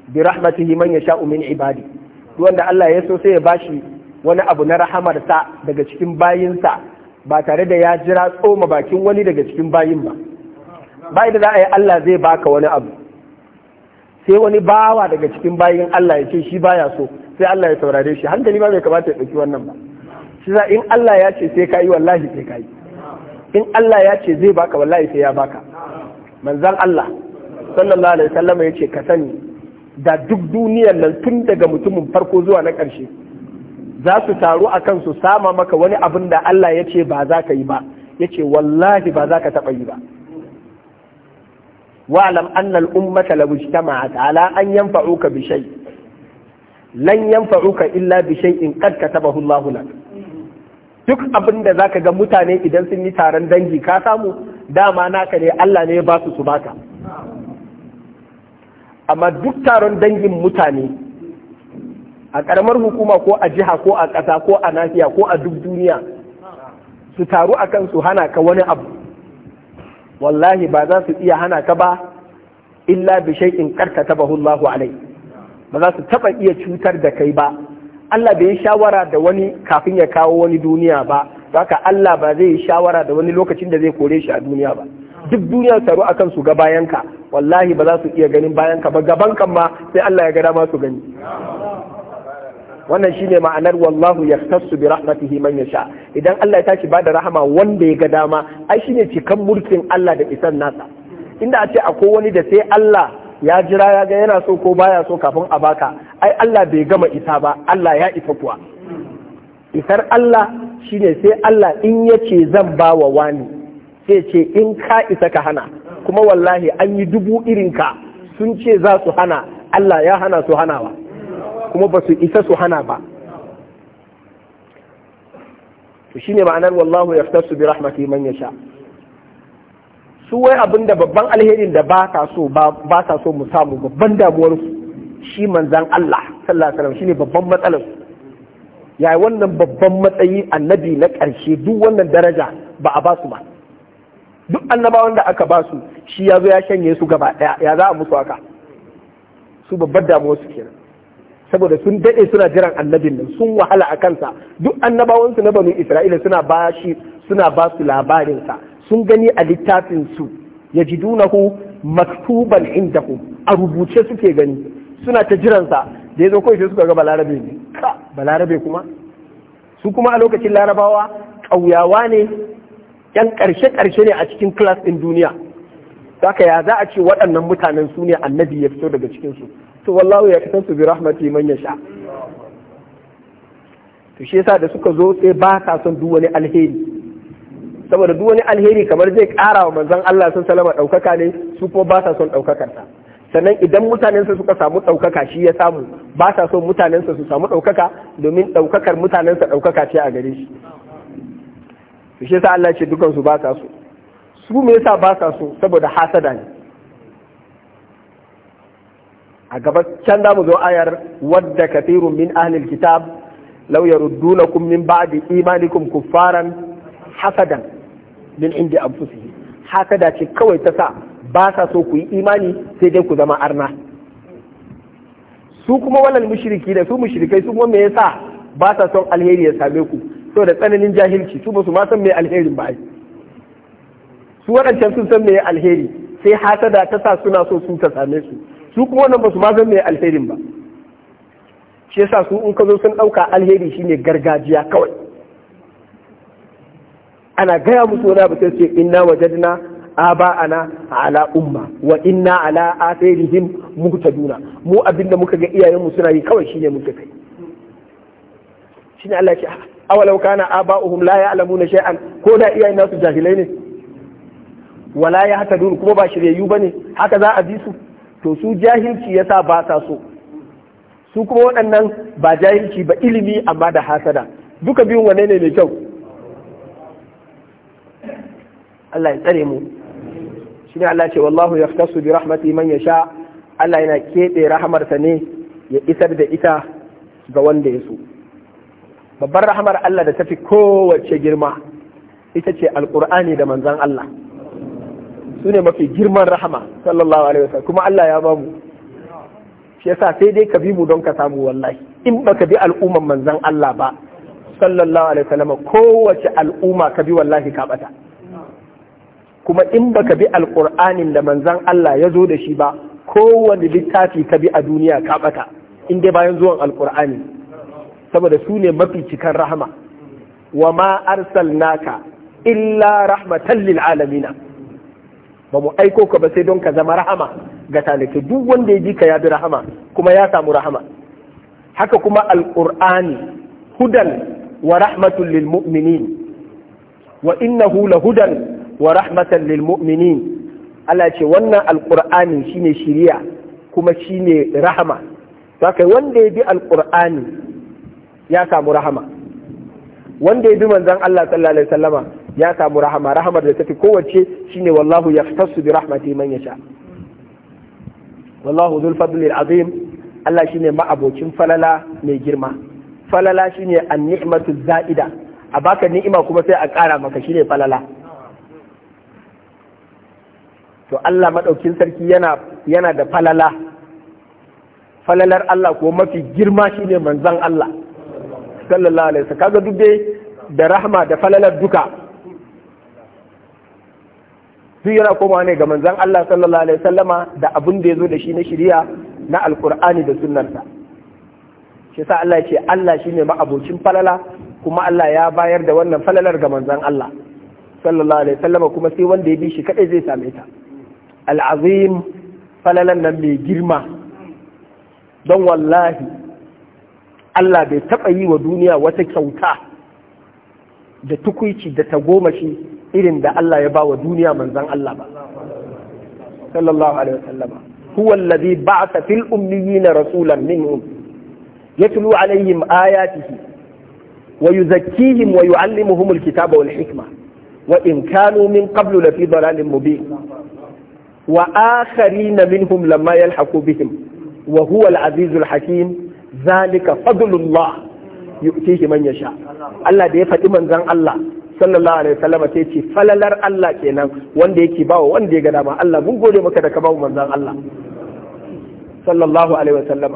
bi rahmatihi man yasha min ibadi wanda Allah ya so sai ya bashi wani abu na ta daga cikin bayinsa ba tare da ya jira tsoma bakin wani daga cikin bayin ba bai da za a yi Allah zai baka wani abu sai wani bawa daga cikin bayin Allah ya ce shi baya so sai Allah ya saurare shi hankali ba bai kamata ya ɗauki wannan ba shi za in Allah ya ce sai ka yi wallahi sai ka yi in Allah ya ce zai baka wallahi sai ya baka manzan Allah sallallahu alaihi wasallam ya ce ka sani da duk duniyar nan tun daga mutumin farko zuwa na ƙarshe za su taru a kan su sama maka wani abin da Allah ya ce ba za ka yi ba ya ce wallahi ba za ka taɓa yi ba واعلم أن الأمة an اجتمعت على أن lan بشيء لن ينفعوك إلا in قد كتبه الله لك duk abin da zaka ga mutane idan sun yi taron dangi ka samu dama naka ne Allah ne ba su su baka amma duk taron dangin mutane a ƙaramar hukuma ko a jiha ko a ƙasa ko a nafiya ko a duk duniya su taru akan su hana ka wani abu wallahi ba za su iya hana ka ba illa bi shay'in karkata Allahu alai ba za su taba iya cutar da kai ba Allah bai yi shawara da wani kafin ya kawo wani duniya ba haka Allah ba zai yi shawara da wani lokacin da zai kore shi a duniya ba duk duniya taro akan su ga bayanka wallahi ba za su iya ganin bayanka ba gaban kan ma sai Allah ya ga dama su gani wannan shine ma'anar wallahu yahtassu bi rahmatihi man sha idan Allah ya tashi ba da rahama wanda ya ga dama ai shine cikan mulkin Allah da isan nasa inda a ce akwai wani da sai Allah ya jira ya ga yana so ko baya so kafin a baka ai Allah bai gama isa ba Allah ya isa kuwa isar Allah shine sai Allah in ya ce zan ba wa wani sai ce in ka isa ka hana kuma wallahi an yi dubu irinka sun ce za su hana Allah ya hana su hanawa kuma ba su isa su hana ba to shine ma'anar wallahu yaftasu bi rahmati man sha su wai abinda babban alherin da ba ta so mu samu babban damuwar su shi manzan Allah sallallahu alaihi wasallam shine babban matsalar su yayi wannan babban matsayi annabi na ƙarshe duk wannan daraja ba a basu ba duk annabawan da aka basu shi ya zo ya shanye su gaba ɗaya ya za a musu haka su babbar damuwar su kenan saboda sun daɗe suna jiran annabin nan sun wahala a kansa duk annabawansu na banu isra'ila suna ba shi suna ba su labarinsa sun gani a littafinsu ya ji dunahu maktuban indahu a rubuce suke gani suna ta jiransa da ya zo kawai suka ga balarabe ne ka balarabe kuma su kuma a lokacin larabawa ƙauyawa ne yan ƙarshe-ƙarshe ne a cikin kilas ɗin duniya Saka ya za a ce waɗannan mutanen su ne annabi ya fito daga cikinsu to wallahu ya kasance bi rahmati man yasha to shi yasa da suka zo sai ba ka son duk wani alheri saboda duk wani alheri kamar zai kara wa manzon Allah sun salama daukaka ne su ko ba sa son daukakar sa sannan idan mutanensa suka samu daukaka shi ya samu ba sa son mutanensa su samu daukaka domin daukakar mutanensa daukaka ce a gare shi to shi yasa Allah ce dukan su ba sa so su me yasa ba sa so saboda hasada ne a gaba can damu zo ayar wadda kathirun min ahlil kitab law yaruddunakum min ba'di imanikum kuffaran hasadan min indi anfusihim hasada ce kawai ta sa ba sa so ku yi imani sai dai ku zama arna su kuma wannan mushriki da su mushrikai su kuma me yasa ba sa son alheri ya same ku da tsananin jahilci su ba su ma san me alherin ba ai su waɗancan sun san me alheri sai hasada ta sa suna so su ta same su su kuma wannan ba su ma zan mai alherin ba shi yasa su in ka zo sun ɗauka alheri shine gargajiya kawai ana gaya musu wani abu sai ce inna wajadna aba'ana ala umma wa inna ala atharihim muhtaduna mu abinda muka ga iyayen mu suna yi kawai shine muka kai shine Allah ya ce awalau kana aba'uhum la ya'lamuna shay'an ko da iyayen nasu jahilai ne wala ya hatadun kuma ba shiryayyu bane haka za a bi su to su jahilci yasa ba sa so su kuma waɗannan ba jahilci ba ilimi amma da hasada duka biyun wane ne mai kyau Allah ya tsare mu shi ne Allah ce wallahu yaftasu bi rahmati man sha, Allah yana keɓe rahamarsa ne ya isar da ita ga wanda ya so babbar rahamar Allah da tafi kowace girma ita ce alƙur'ani da manzan Allah su ne mafi girman rahama sallallahu alaihi wasallam kuma Allah ya ba mu shi yasa sai dai ka bi mu don ka samu wallahi in baka bi al'umman manzon Allah ba sallallahu alaihi wasallam kowace al'umma ka bi wallahi ka bata kuma in baka bi alqur'anin da manzon Allah ya zo da shi ba kowane littafi ka bi a duniya ka bata in dai bayan zuwan alqur'ani saboda su ne mafi cikan rahama wa ma arsalnaka illa rahmatan lil alamina ba mu aiko ka ba sai don ka zama rahama ga talikai duk wanda ya ji ka ya bi rahama kuma ya samu rahama haka kuma al alqur'ani hudan wa rahmatul lil mu'minin wa innahu hudan wa rahmatan lil mu'minin Allah ce wannan al alqur'ani shine shiriya kuma shine rahama saka wanda ya bi al alqur'ani ya samu rahama wanda ya bi manzon Allah sallallahu alaihi wasallama ya samu rahama rahamar da ta fi kowace shine wallahu ya yaftasu bi rahmati man sha. wallahu zul fadli azim Allah shine ma'abocin falala mai girma falala shine an-ni'matu za'ida a baka ni'ima kuma sai a ƙara maka shine falala to Allah madaukin sarki yana yana da falala falalar Allah ko mafi girma shine manzon Allah sallallahu alaihi wasallam kaga dubbe da rahma da falalar duka duk yana komawa ne ga manzan Allah sallallahu alaihi wasallama da abin da ya zo da shi na shirya na alkur'ani da sunanta shi sa Allah ce Allah shi ne ma'abocin falala kuma Allah ya bayar da wannan falalar ga manzan Allah sallallahu alaihi wasallama kuma sai wanda ya bi shi kadai zai same ta al'azim falalan nan mai girma don wallahi Allah bai taɓa yi wa duniya wata kyauta da tukuici da tagomashi irin da Allah ya bawa duniya manzan Allah ba sallallahu alaihi wasallam huwa alladhi ta fil ummiyina rasulan minhum yatlu alaihim ayatihi wa yuzakkihim wa yu'allimuhum alkitaba wal hikma wa in kanu min qablu lafi dalalin mubin wa akharina minhum lamma yalhaqu bihim wa huwa al-azizul hakim zalika fadlullah yu'tihi man yasha Allah da ya faɗi manzan Allah sallallahu alaihi wasallam sai ce falalar Allah kenan wanda yake bawa wanda ya ga dama Allah mun gode maka da ka bawo manzon Allah sallallahu alaihi wasallam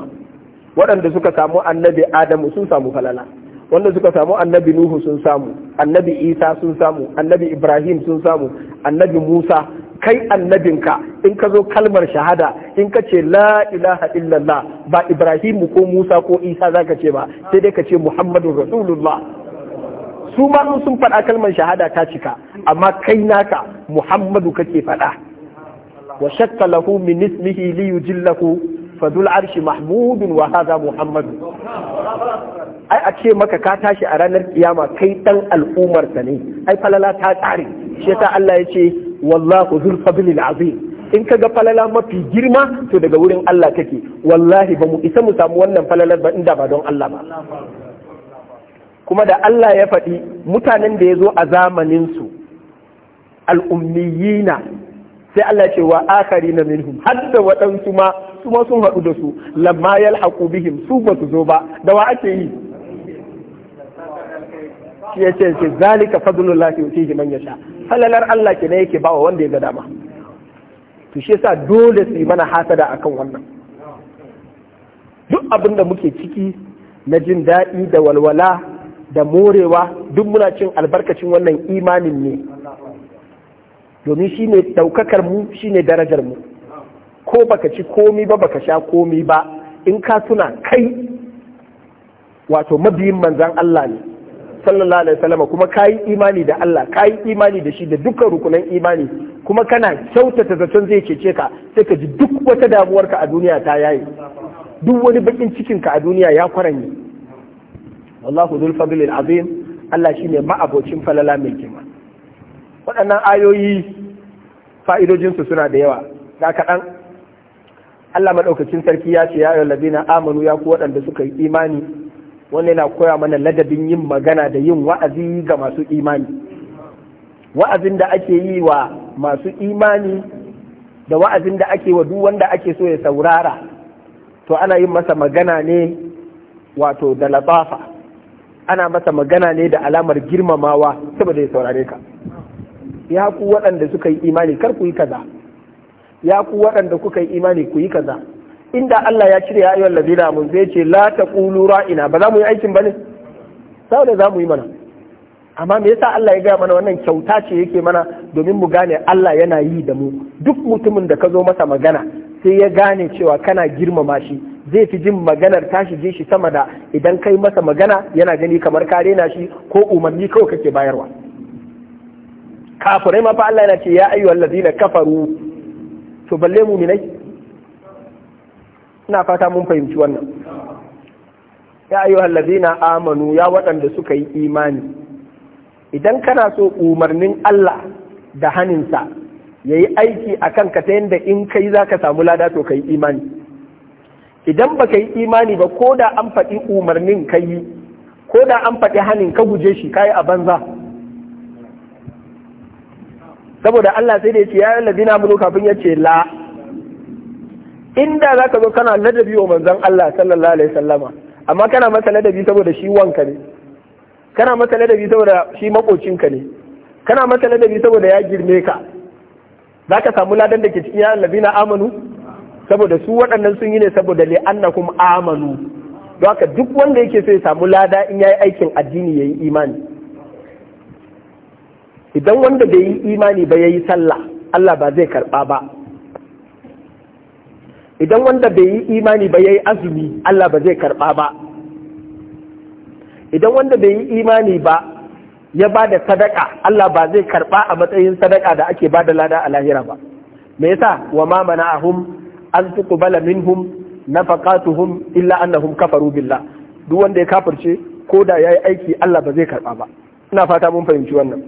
waɗanda suka samu annabi Adamu sun samu falala wanda suka samu annabi Nuhu sun samu annabi Isa sun samu annabi Ibrahim sun samu annabi Musa kai annabinka in ka zo kalmar shahada in ka ce la ilaha illallah ba Ibrahim ko Musa ko Isa zaka ce ba sai dai ka ce Muhammadun Rasulullah su ma in sun faɗa kalmar shahada ta cika amma kai naka muhammadu kake faɗa wa shakka lahu min ismihi li yujillahu fadul arshi mahmudun wa hadha muhammadu ai a ce maka ka tashi a ranar kiyama kai dan al'ummar ta ne ai falala ta tsare shi yasa Allah ya ce wallahu dhul fadlil azim in ka ga falala mafi girma to daga wurin Allah kake wallahi ba mu isa mu samu wannan falalar ba inda ba don Allah ba kuma da Allah ya faɗi mutanen da ya zo a zamaninsu al'ummiyina sai Allah ce wa akari na minhum har waɗansu ma su ma sun haɗu da su lamma yalhaqu bihim su ba su zo ba da wa ake yi shi ya ce ce zalika fadlullahi yutihi man yasha halalar Allah ke ne yake bawa wanda ya ga dama to shi yasa dole su yi mana hasada akan wannan duk abin da muke ciki na jin daɗi da walwala da morewa duk muna cin albarkacin wannan imanin ne domin shi ne daukakar mu shi ne darajar mu ko baka ci komi ba baka sha komi ba in ka tuna kai wato mabiyin manzan Allah ne sallallahu alaihi wasallam kuma kayi imani da Allah kayi imani da shi da dukkan rukunan imani kuma kana kyautata zaton zai cece ka sai ka ji duk wata damuwarka a duniya ta yayi duk wani bakin cikin ka a duniya ya kwaranye wallahu dhul fadlil azim Allah shine ma'abocin falala mai girma waɗannan ayoyi su suna da yawa ga kaɗan Allah maɗaukacin sarki ya ce ya yi ladina amanu ya ku waɗanda suka yi imani wannan yana koya mana ladabin yin magana da yin wa'azi ga masu imani wa'azin da ake yi wa masu imani da wa'azin da ake wa duk wanda ake so ya saurara to ana yin masa magana ne wato da labafa ana masa magana ne da alamar girmamawa saboda ya saurare ka ya ku waɗanda suka yi imani kar ku yi kaza ya ku waɗanda kuka yi imani ku yi kaza inda Allah ya cire ya ayyuhal ladina mun zai ce la taqulu ra'ina ba za mu yi aikin bane saboda za mu yi mana amma me yasa Allah ya gaya mana wannan kyauta ce yake mana domin mu gane Allah yana yi da mu duk mutumin da ka zo masa magana sai ya gane cewa kana girmama shi zai fi jin maganar tashi jin shi sama da idan kai masa magana yana gani kamar ka rena shi ko umarni kawai kake bayarwa kafirai ma fa Allah yana ce ya ayyuhal ladina kafaru to balle mu'minai ina fata mun fahimci wannan ya ayyuhal ladina amanu ya waɗanda suka yi imani idan kana so umarnin Allah da haninsa ya yi aiki a kanka ta yadda in kai za ka samu lada to yi imani idan baka yi imani ba ko da an faɗi umarnin ka yi ko da an faɗi hannun ka guje shi ka yi a banza saboda Allah sai da ya ce ya yi na mulu kafin ya ce la inda za ka zo kana ladabi wa manzon Allah sallallahu alaihi sallama amma kana masa ladabi saboda shi wanka ne kana masa ladabi saboda shi makocinka ne kana masa ladabi saboda ya girme ka za ka samu ladan da ke cikin ya na amanu saboda su waɗannan sun yi ne saboda li annakum amanu don haka duk wanda yake so ya samu lada in yayi aikin addini yayi imani idan wanda bai yi imani ba yayi sallah Allah ba zai karba ba idan wanda bai yi imani ba yayi azumi Allah ba zai karba ba idan wanda bai yi imani ba ya ba da sadaka Allah ba zai karba a matsayin sadaka da ake ba da lada a lahira ba me yasa wa ma mana'ahum an tuqbala minhum nafaqatuhum illa annahum kafaru billah duk wanda ya kafirce ko da yayi aiki Allah ba zai karba ba ina fata mun fahimci wannan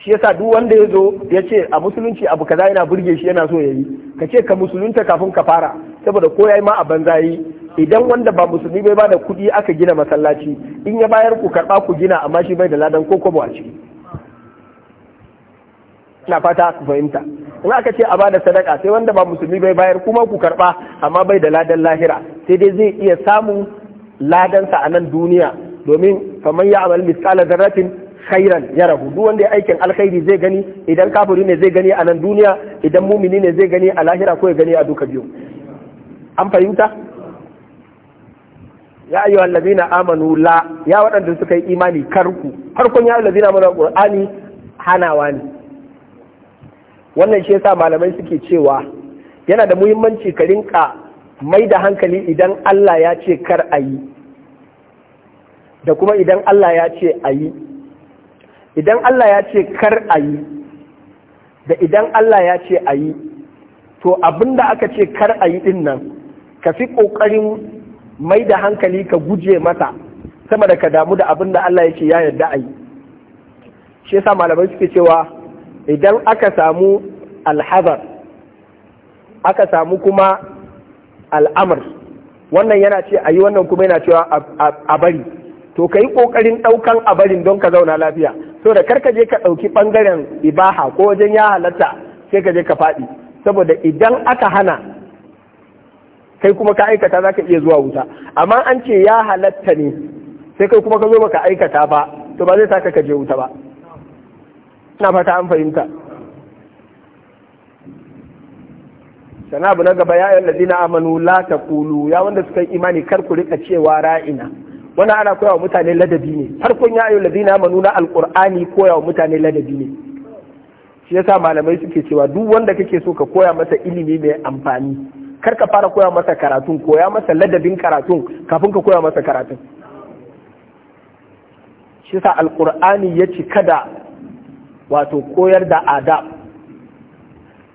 shi yasa duk wanda ya zo ya ce a musulunci abu kaza yana burge shi yana so yi. ka ce ka musulunta kafin ka fara saboda ko yayi ma a banza yi idan wanda ba musulmi bai ba da kuɗi aka gina masallaci in ya bayar ku karɓa ku gina amma shi bai da ladan ko kobo a ciki ina fata ku fahimta in aka ce a bada sadaka sai wanda ba musulmi bai bayar kuma ku karba amma bai da ladan lahira sai dai zai iya samun ladansa a nan duniya domin faman ya amal misqala zarratin khairan rahu duk wanda ya aikin alkhairi zai gani idan kafiri ne zai gani a nan duniya idan mumini ne zai gani a lahira ko ya gani a duka biyu an fahimta ya ayyu allazina amanu la ya waɗanda suka yi imani karku farkon ya allazina amanu alqurani hanawa ne wannan shi yasa malamai suke cewa yana da muhimmanci ka rinka mai da hankali idan Allah ya ce kar a yi da kuma idan Allah ya ce a yi idan Allah ya ce kar a yi da idan Allah ya ce a yi to abin da aka ce kar a yi din nan ka fi ƙoƙarin mai da hankali ka guje mata, sama da ka damu da abin da Allah ya ce ya yarda a yi shi yasa malamai suke cewa idan aka samu alhazar aka samu kuma al'amar, wannan yana ce a yi wannan kuma yana cewa a bari to ka yi ƙoƙarin ɗaukan a barin don ka zauna lafiya so da karka je ka ɗauki ɓangaren ibaha ko wajen ya halatta sai ka je ka faɗi saboda idan aka hana kai kuma ka aikata za ka iya zuwa wuta amma an ce ya halatta ne sai kai kuma ka zo baka aikata ba to ba zai saka ka je wuta ba ina fata an fahimta sana abu na gaba ya yalla dina amanu la ta kulu ya wanda suka yi imani kar ku rika cewa ra'ina wannan ana koyawa mutane ladabi ne farkon ya ayyul ladina amanu na alqur'ani koyawa mutane ladabi ne shi yasa malamai suke cewa duk wanda kake so ka koya masa ilimi mai amfani kar ka fara koya masa karatun koya masa ladabin karatun kafin ka koya masa karatun shi yasa alqur'ani ya cika da wato koyar da adab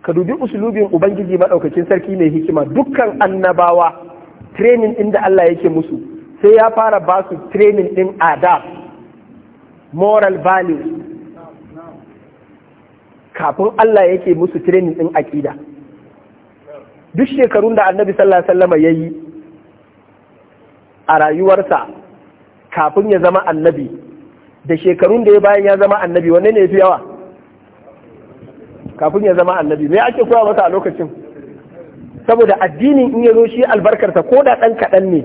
ka dubi usulubin ubangiji maɗaukacin sarki mai hikima dukkan annabawa training ɗin da Allah yake musu sai ya fara ba su training ɗin adab moral values kafin Allah yake musu training ɗin aƙida duk shekarun da annabi sallallahu alaihi wasallam ya yi a rayuwarsa kafin ya zama annabi da shekarun da ya bayan ya zama annabi wanne ne ya fi yawa kafin ya zama annabi me ake koya masa a lokacin saboda addinin in ya zo shi albarkarsa ko da ɗan kaɗan ne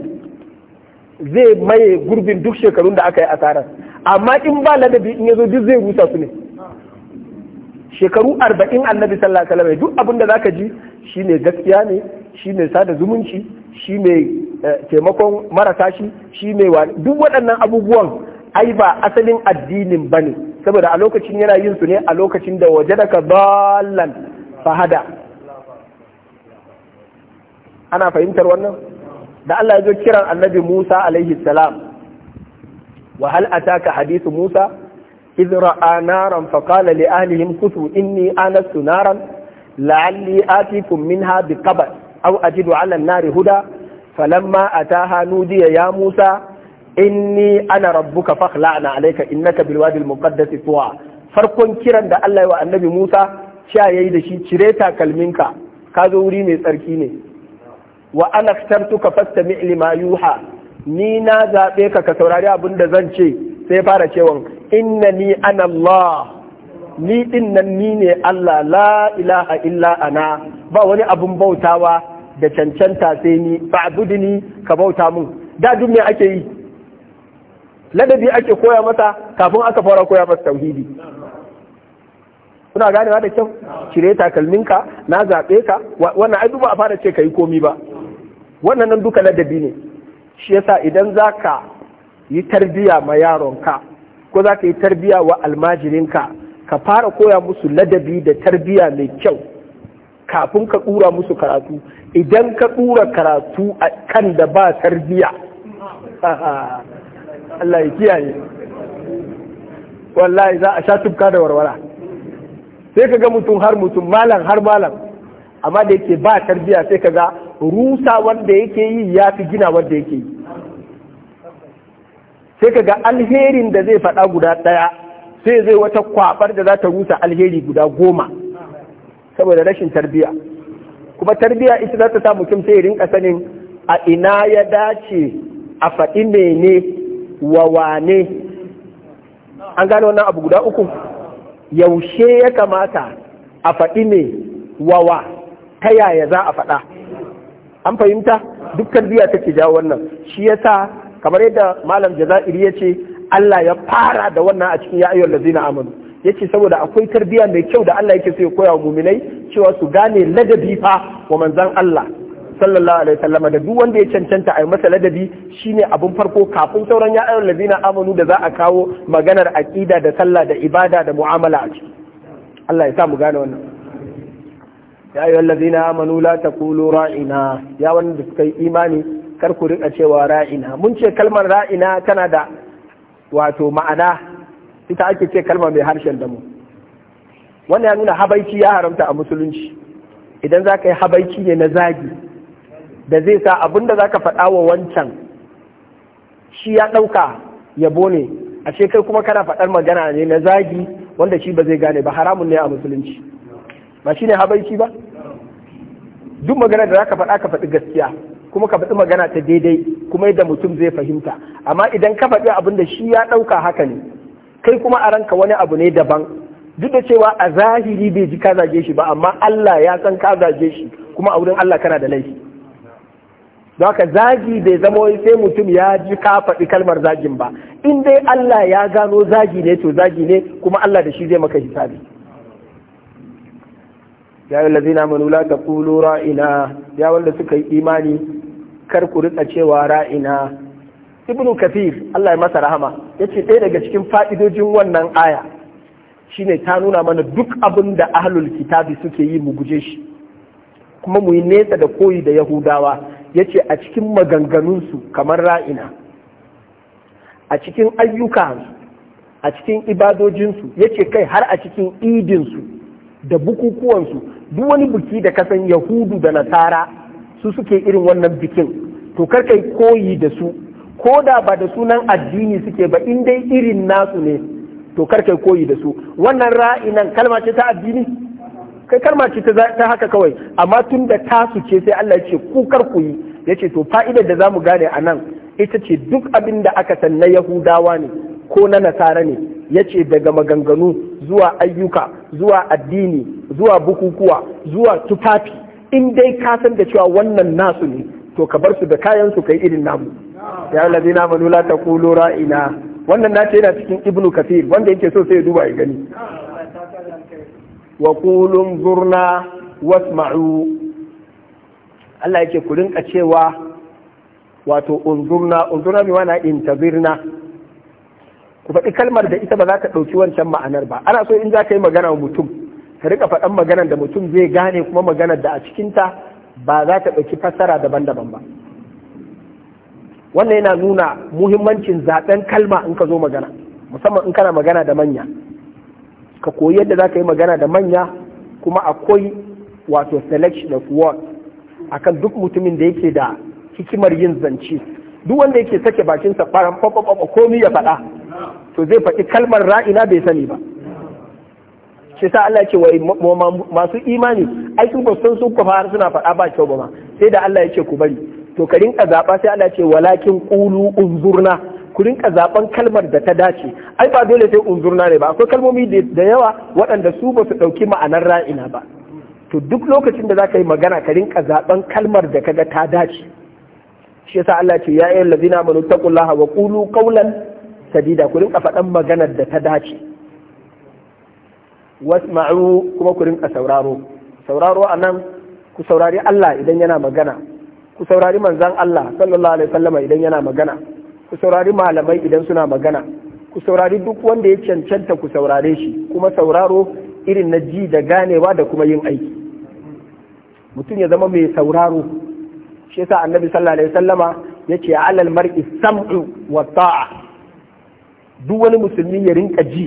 zai maye gurbin duk shekarun da aka yi a asarar amma in ba ladabi in ya zo duk zai rusa su ne shekaru arba'in annabi sallallahu alaihi wasallam duk abin da zaka ji shine gaskiya ne shine sada zumunci eh, taimakon marasa shi shi wani duk waɗannan abubuwan ai ba asalin addinin ba ne saboda a lokacin yana yin su ne a lokacin da waje daga ballan fahada ana fahimtar wannan da Allah ya zo kiran annabi Musa alaihi salam wa hal ataka hadithu Musa iz ra'a naran fa qala li ahlihim kutu inni anastu naran la'alli atikum minha biqabad aw ajidu 'ala an-nari huda falamma ataha nudiya ya Musa inni ana rabbuka fakhla'na alayka innaka bil wadi al muqaddas tuwa farkon kiran da Allah ya wa annabi Musa cewa yayi da shi cire takalminka ka zo wuri mai tsarki ne wa ana ka fastami' lima yuha ni na zabe ka ka saurari abin da zan ce sai fara cewa innani ana Allah ni din nan ni ne Allah la ilaha illa ana ba wani abun bautawa da cancanta sai ni ba fa'budni ka bauta mun da duk me ake yi ladabi ake koya masa kafin aka fara koya masa tauhidi kuna ganewa da kyau cire takalminka na zaɓe ka wannan ai duba a fara ce ka yi komi ba wannan nan duka ladabi ne shi yasa idan za ka yi tarbiya ma yaronka ko za ka yi tarbiya wa almajirinka ka fara koya musu ladabi da tarbiya mai kyau kafin ka ɗura musu karatu idan ka ɗura karatu a kan da ba tarbiya Allah ya kiyaye wallahi za a sha tubka da warwara sai ka ga mutum har mutum malam har malam amma da yake ba tarbiya sai kaga rusa wanda yake yi ya fi gina wanda yake yi sai ka alherin da zai faɗa guda ɗaya sai zai wata kwabar da za ta rusa alheri guda goma saboda rashin tarbiya kuma tarbiya ita za ta sa mutum sai rinka sanin a ina ya dace a faɗi mene wa wane an gane wannan abu guda uku yaushe ya kamata a faɗi ne wawa ta yaya za a faɗa an fahimta dukkan biya take jawo wannan shi yasa kamar yadda malam jaza'iri ya ce Allah ya fara da wannan a cikin ya ayyuhal ladzina amanu ce saboda akwai tarbiyya mai kyau da Allah yake so ya koya wa muminai cewa su gane ladabi fa wa manzan Allah sallallahu alaihi wasallam da duk wanda ya cancanta a yi masa ladabi shine abun farko kafin sauran ya ayyul ladina amanu da za a kawo maganar aqida da sallah da ibada da mu'amala a ciki Allah ya sa mu gane wannan ya ayyul ladina amanu la taqulu ra'ina ya wanda suka yi imani kar ku rika cewa ra'ina mun ce kalmar ra'ina tana da wato ma'ana ita ake ce kalmar mai harshen da mu wannan ya nuna habaici ya haramta a musulunci idan za ka yi habaici ne na zagi da zai sa abin da za ka faɗa wa wancan shi ya ɗauka yabo ne ashe kai kuma kana faɗar magana ne na zagi wanda shi ba zai gane ba haramun ne a musulunci ba shi ne habaici ba duk magana da za ka faɗa ka faɗi gaskiya kuma ka faɗi magana ta daidai kuma yadda mutum zai fahimta amma idan ka faɗi abin da shi ya ɗauka haka ne kai kuma a ranka wani abu ne daban duk da cewa a zahiri bai ji ka zage shi ba amma Allah ya san ka zage shi kuma a wurin Allah kana da laifi don haka zagi bai zama wani sai mutum ya ji ka faɗi kalmar zagin ba in dai Allah ya gano zagi ne to zagi ne kuma Allah da shi zai maka hisabi ya yi lazina manula ta kulo ra'ina ya wanda suka yi imani kar ku rika cewa ra'ina ibnu kafir Allah ya masa rahama ya ce ɗaya daga cikin fa'idojin wannan aya shine ta nuna mana duk abin da ahlul kitabi suke yi mu guje shi kuma mu yi nesa da koyi da yahudawa Ya ce a cikin maganganunsu kamar ra'ina a cikin ayyukansu a cikin ibadojinsu ya ce kai har a cikin idinsu da bukukuwansu duk wani biki da kasan yahudu da nasara su suke irin wannan bikin to karkai koyi da su ko da ba da sunan addini suke ba in dai irin nasu ne to karkai koyi da su wannan ra'inan kalma ce ta addini kai ma ce ta haka kawai amma tun da ta ce sai Allah ya ce ku kar ku yi ya ce to fa'idar da zamu gane a nan ita ce duk abin da aka san na yahudawa ne ko na nasara ne ya ce daga maganganu zuwa ayyuka zuwa addini zuwa bukukuwa zuwa tufafi in dai ka san da cewa wannan nasu ne to ka bar su da kayansu su kai irin namu ya ladina manula ta taqulu ra'ina wannan nace yana cikin ibnu kafir wanda yake so sai ya duba ya gani wa zurna wasu wasma'u Allah yake ku rinka cewa wato unzurna unzurna kufaɗi ku faɗi kalmar da ita ba za ta ɗauki wancan ma'anar ba ana so in za ka yi magana wa mutum ka rika faɗan maganar da mutum zai gane kuma maganar da a cikinta ba za ta ɗauki fassara daban-daban ba wannan yana nuna muhimmancin zaɓen kalma in ka zo magana musamman in kana magana da manya ka koyi yadda za ka yi magana da manya kuma akwai wato selection of word akan duk mutumin da yake da hikimar yin zance duk wanda yake sake bakinsa ɓaran fafafafa komi ya faɗa to zai faɗi kalmar ra'ina bai sani ba shi sa Allah ce wai masu imani aikin su san su kufa suna faɗa ba kyau ba ma sai da Allah ya ce ku bari to ka rinka zaɓa sai Allah ce walakin qulu unzurna ku rinka zaben kalmar da ta dace ai ba dole sai unzurna ne ba akwai kalmomi da yawa waɗanda su ba su ɗauki ma'anar ra'ina ba to duk lokacin da za ka yi magana ka rinka zaben kalmar da kaga ta dace shi yasa Allah ce ya ayyuhal ladina amanu taqullaha wa qulu qawlan sadida ku rinka faɗan maganar da ta dace wasma'u kuma ku rinka sauraro sauraro anan ku saurari Allah idan yana magana ku saurari manzon Allah sallallahu alaihi wasallama idan yana magana ku saurari malamai idan suna magana ku saurari duk wanda ya cancanta ku saurare shi kuma sauraro irin na ji da ganewa da kuma yin aiki mutum ya zama mai sauraro shi yasa annabi sallallahu alaihi wasallama yace alal mar'i sam'u wa ta'a duk wani musulmi ya rinka ji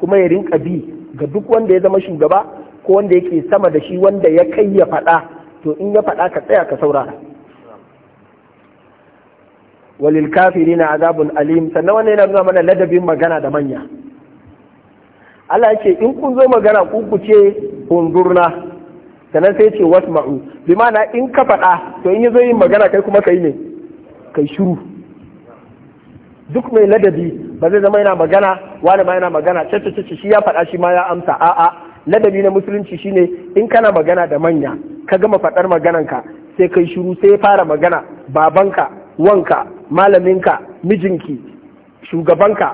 kuma ya rinka bi ga duk wanda ya zama shugaba ko wanda yake sama da shi wanda ya kai ya faɗa to in ya faɗa ka tsaya ka saurara walil na azabun alim sannan wannan yana nuna mana ladabin magana da manya Allah ya ce in kun zo magana ku ce hundurna? sannan sai ce ma'u bi ma'ana in ka faɗa to in zo yin magana kai kuma kai ne kai shiru duk mai ladabi ba zai zama yana magana wani ma yana magana cece shi ya faɗa shi ma ya amsa a'a ladabi na musulunci shine in kana magana da manya ka gama faɗar magananka sai kai shiru sai ya fara magana babanka wanka malaminka mijinki shugabanka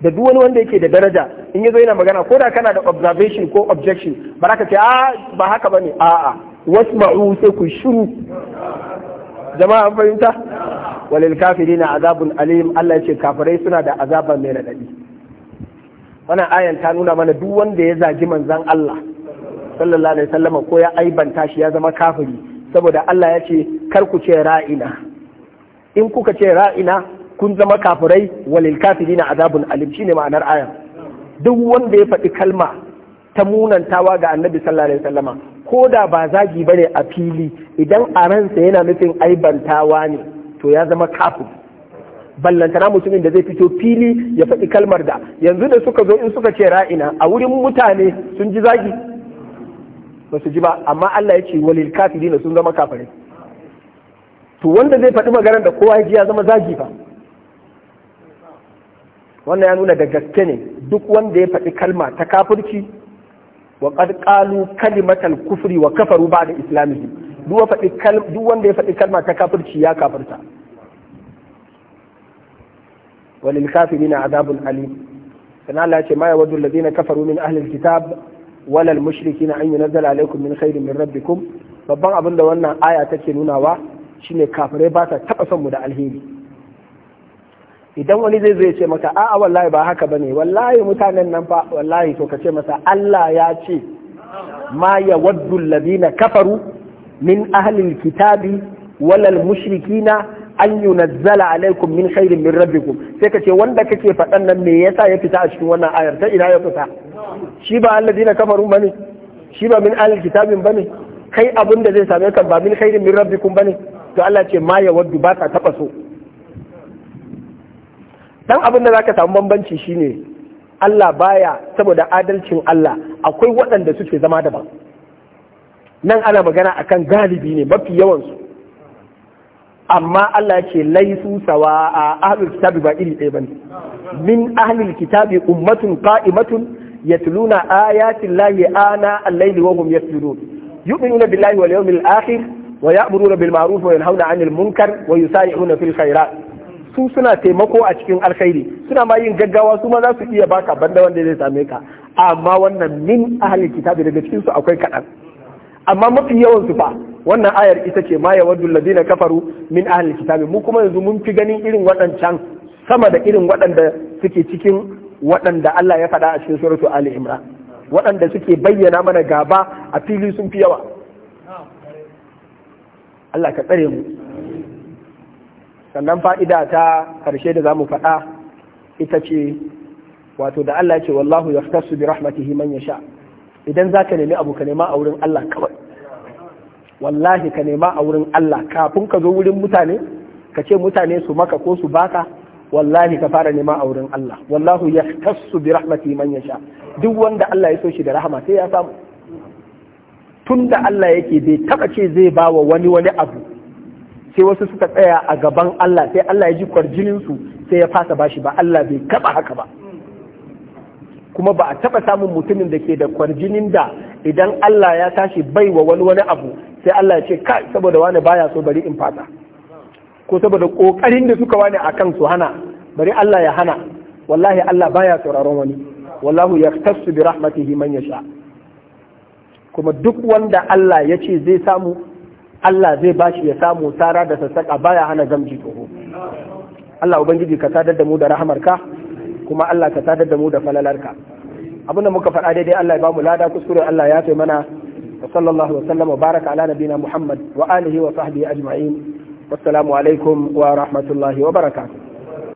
da duk wani wanda yake da daraja in yazo yana magana ko da kana da observation ko objection ba za ka ce a ah, ba haka bane a a wasma'u sai ku shiru jama'a an fahimta walil kafirina azabun alim Allah ya ce kafirai suna da azaba mai radadi wannan ayan ta nuna mana duk wanda ya zagi manzan Allah sallallahu alaihi wasallam ko ya aibanta shi ya zama kafiri saboda Allah ya ce kar ku ce ra'ina in kuka ce ra'ina kun zama kafirai walil kafirina azabun alim shine ma'anar ayar duk wanda ya faɗi kalma ta munantawa ga annabi sallallahu alaihi wasallama ko da ba zagi bane a fili idan a ransa yana nufin aibantawa ne to ya zama kafir ballantana mutumin da zai fito fili ya faɗi kalmar da yanzu da suka zo in suka ce ra'ina a wurin mutane sun ji zagi ba su ji ba amma Allah ya ce walil kafirina sun zama kafirai to wanda zai faɗi maganar da kowa ya ya zama zagi fa wannan ya nuna da gaske ne duk wanda ya faɗi kalma ta kafirci wa qad kalimatan kufri wa kafaru ba da islamiji. duk wanda ya faɗi kalma ta kafirci ya kafirta walil na azabun ali sana Allah ce ma yawaddu na kafaru min ahlil kitab walal mushrikina an nazala alaykum min khairin min rabbikum babban abin da wannan aya take nunawa ne kafirai ba ta taɓa son mu da alheri idan wani zai zo ya ce maka a'a wallahi ba haka bane wallahi mutanen nan fa wallahi to ka ce masa Allah ya ce ma yawaddu alladhina kafaru min ahli alkitabi wal mushrikina an yunazzala alaikum min khairin min rabbikum sai ka ce wanda kake faɗan nan me yasa ya fita a cikin wannan ayar ta ina ya fita shi ba alladhina kafaru bane shi ba min ahli alkitabin bane kai abin da zai same ka ba min khairin min rabbikum bane to Allah ce ma yawaddu ba ta taba so dan abin da zaka samu bambanci shine Allah baya saboda adalcin Allah akwai waɗanda suke zama daban nan ana magana akan galibi ne mafi yawansu amma Allah ce laisu sawa a ahlul kitabi ba iri ɗaya bane min ahlul kitabi ummatun qa'imatun yatluna ayati llahi ana al-layli wa hum yasjudun yu'minuna billahi wal yawmil akhir wa ya'muruna bil ma'ruf wa yanhauna 'anil munkar wa yusari'una fil su suna taimako a cikin alkhairi suna ma yin gaggawa su ma za su iya baka banda wanda zai same ka amma wannan min ahli kitabi daga cikin su akwai kaɗan amma mafi yawan su fa wannan ayar ita ce ma yawaddu alladhina kafaru min ahli kitabi mu kuma yanzu mun fi ganin irin waɗancan sama da irin waɗanda suke cikin waɗanda Allah ya faɗa a cikin suratu Ali Imran waɗanda suke bayyana mana gaba a fili sun fi yawa Allah ka tsare mu sannan fa'ida ta ƙarshe da za mu faɗa ita ce wato da Allah ce wallahu su bi rahmatihi man sha. idan za ka nemi abu ka nema a wurin Allah kawai wallahi ka nema a wurin Allah kafin ka zo wurin mutane ka ce mutane su maka ko su baka wallahi ka fara nema a wurin Allah wallahu su bi rahmatihi man ya sha. duk wanda Allah ya so shi da rahama sai ya samu Tunda da Allah yake bai taba ce zai ba wa wani wani abu sai wasu suka tsaya a gaban Allah sai Allah ya ji kwarjinin su sai ya fasa bashi ba Allah bai taba haka ba kuma ba a taba samun mutumin da ke da kwarjinin da idan Allah ya tashi bai wa wani wani abu sai Allah ya ce ka saboda wani baya so bari in fasa ko saboda kokarin da suka wani akan su hana bari Allah ya hana wallahi Allah baya sauraron wani wallahu yaktasu bi rahmatihi man yasha' kuma duk wanda Allah ya ce zai samu Allah zai bashi ya samu tsara da sassaƙa baya hana gamji toho Allah ubangiji ka sadar da mu da rahamarka kuma Allah ka sadar da mu da falalarka abinda muka faɗa daidai Allah ya bamu lada kuskure Allah ya fi mana wa sallallahu wa sallam wa baraka ala nabina Muhammad wa alihi wa sahbihi ajma'in wassalamu alaikum wa rahmatullahi wa barakatuh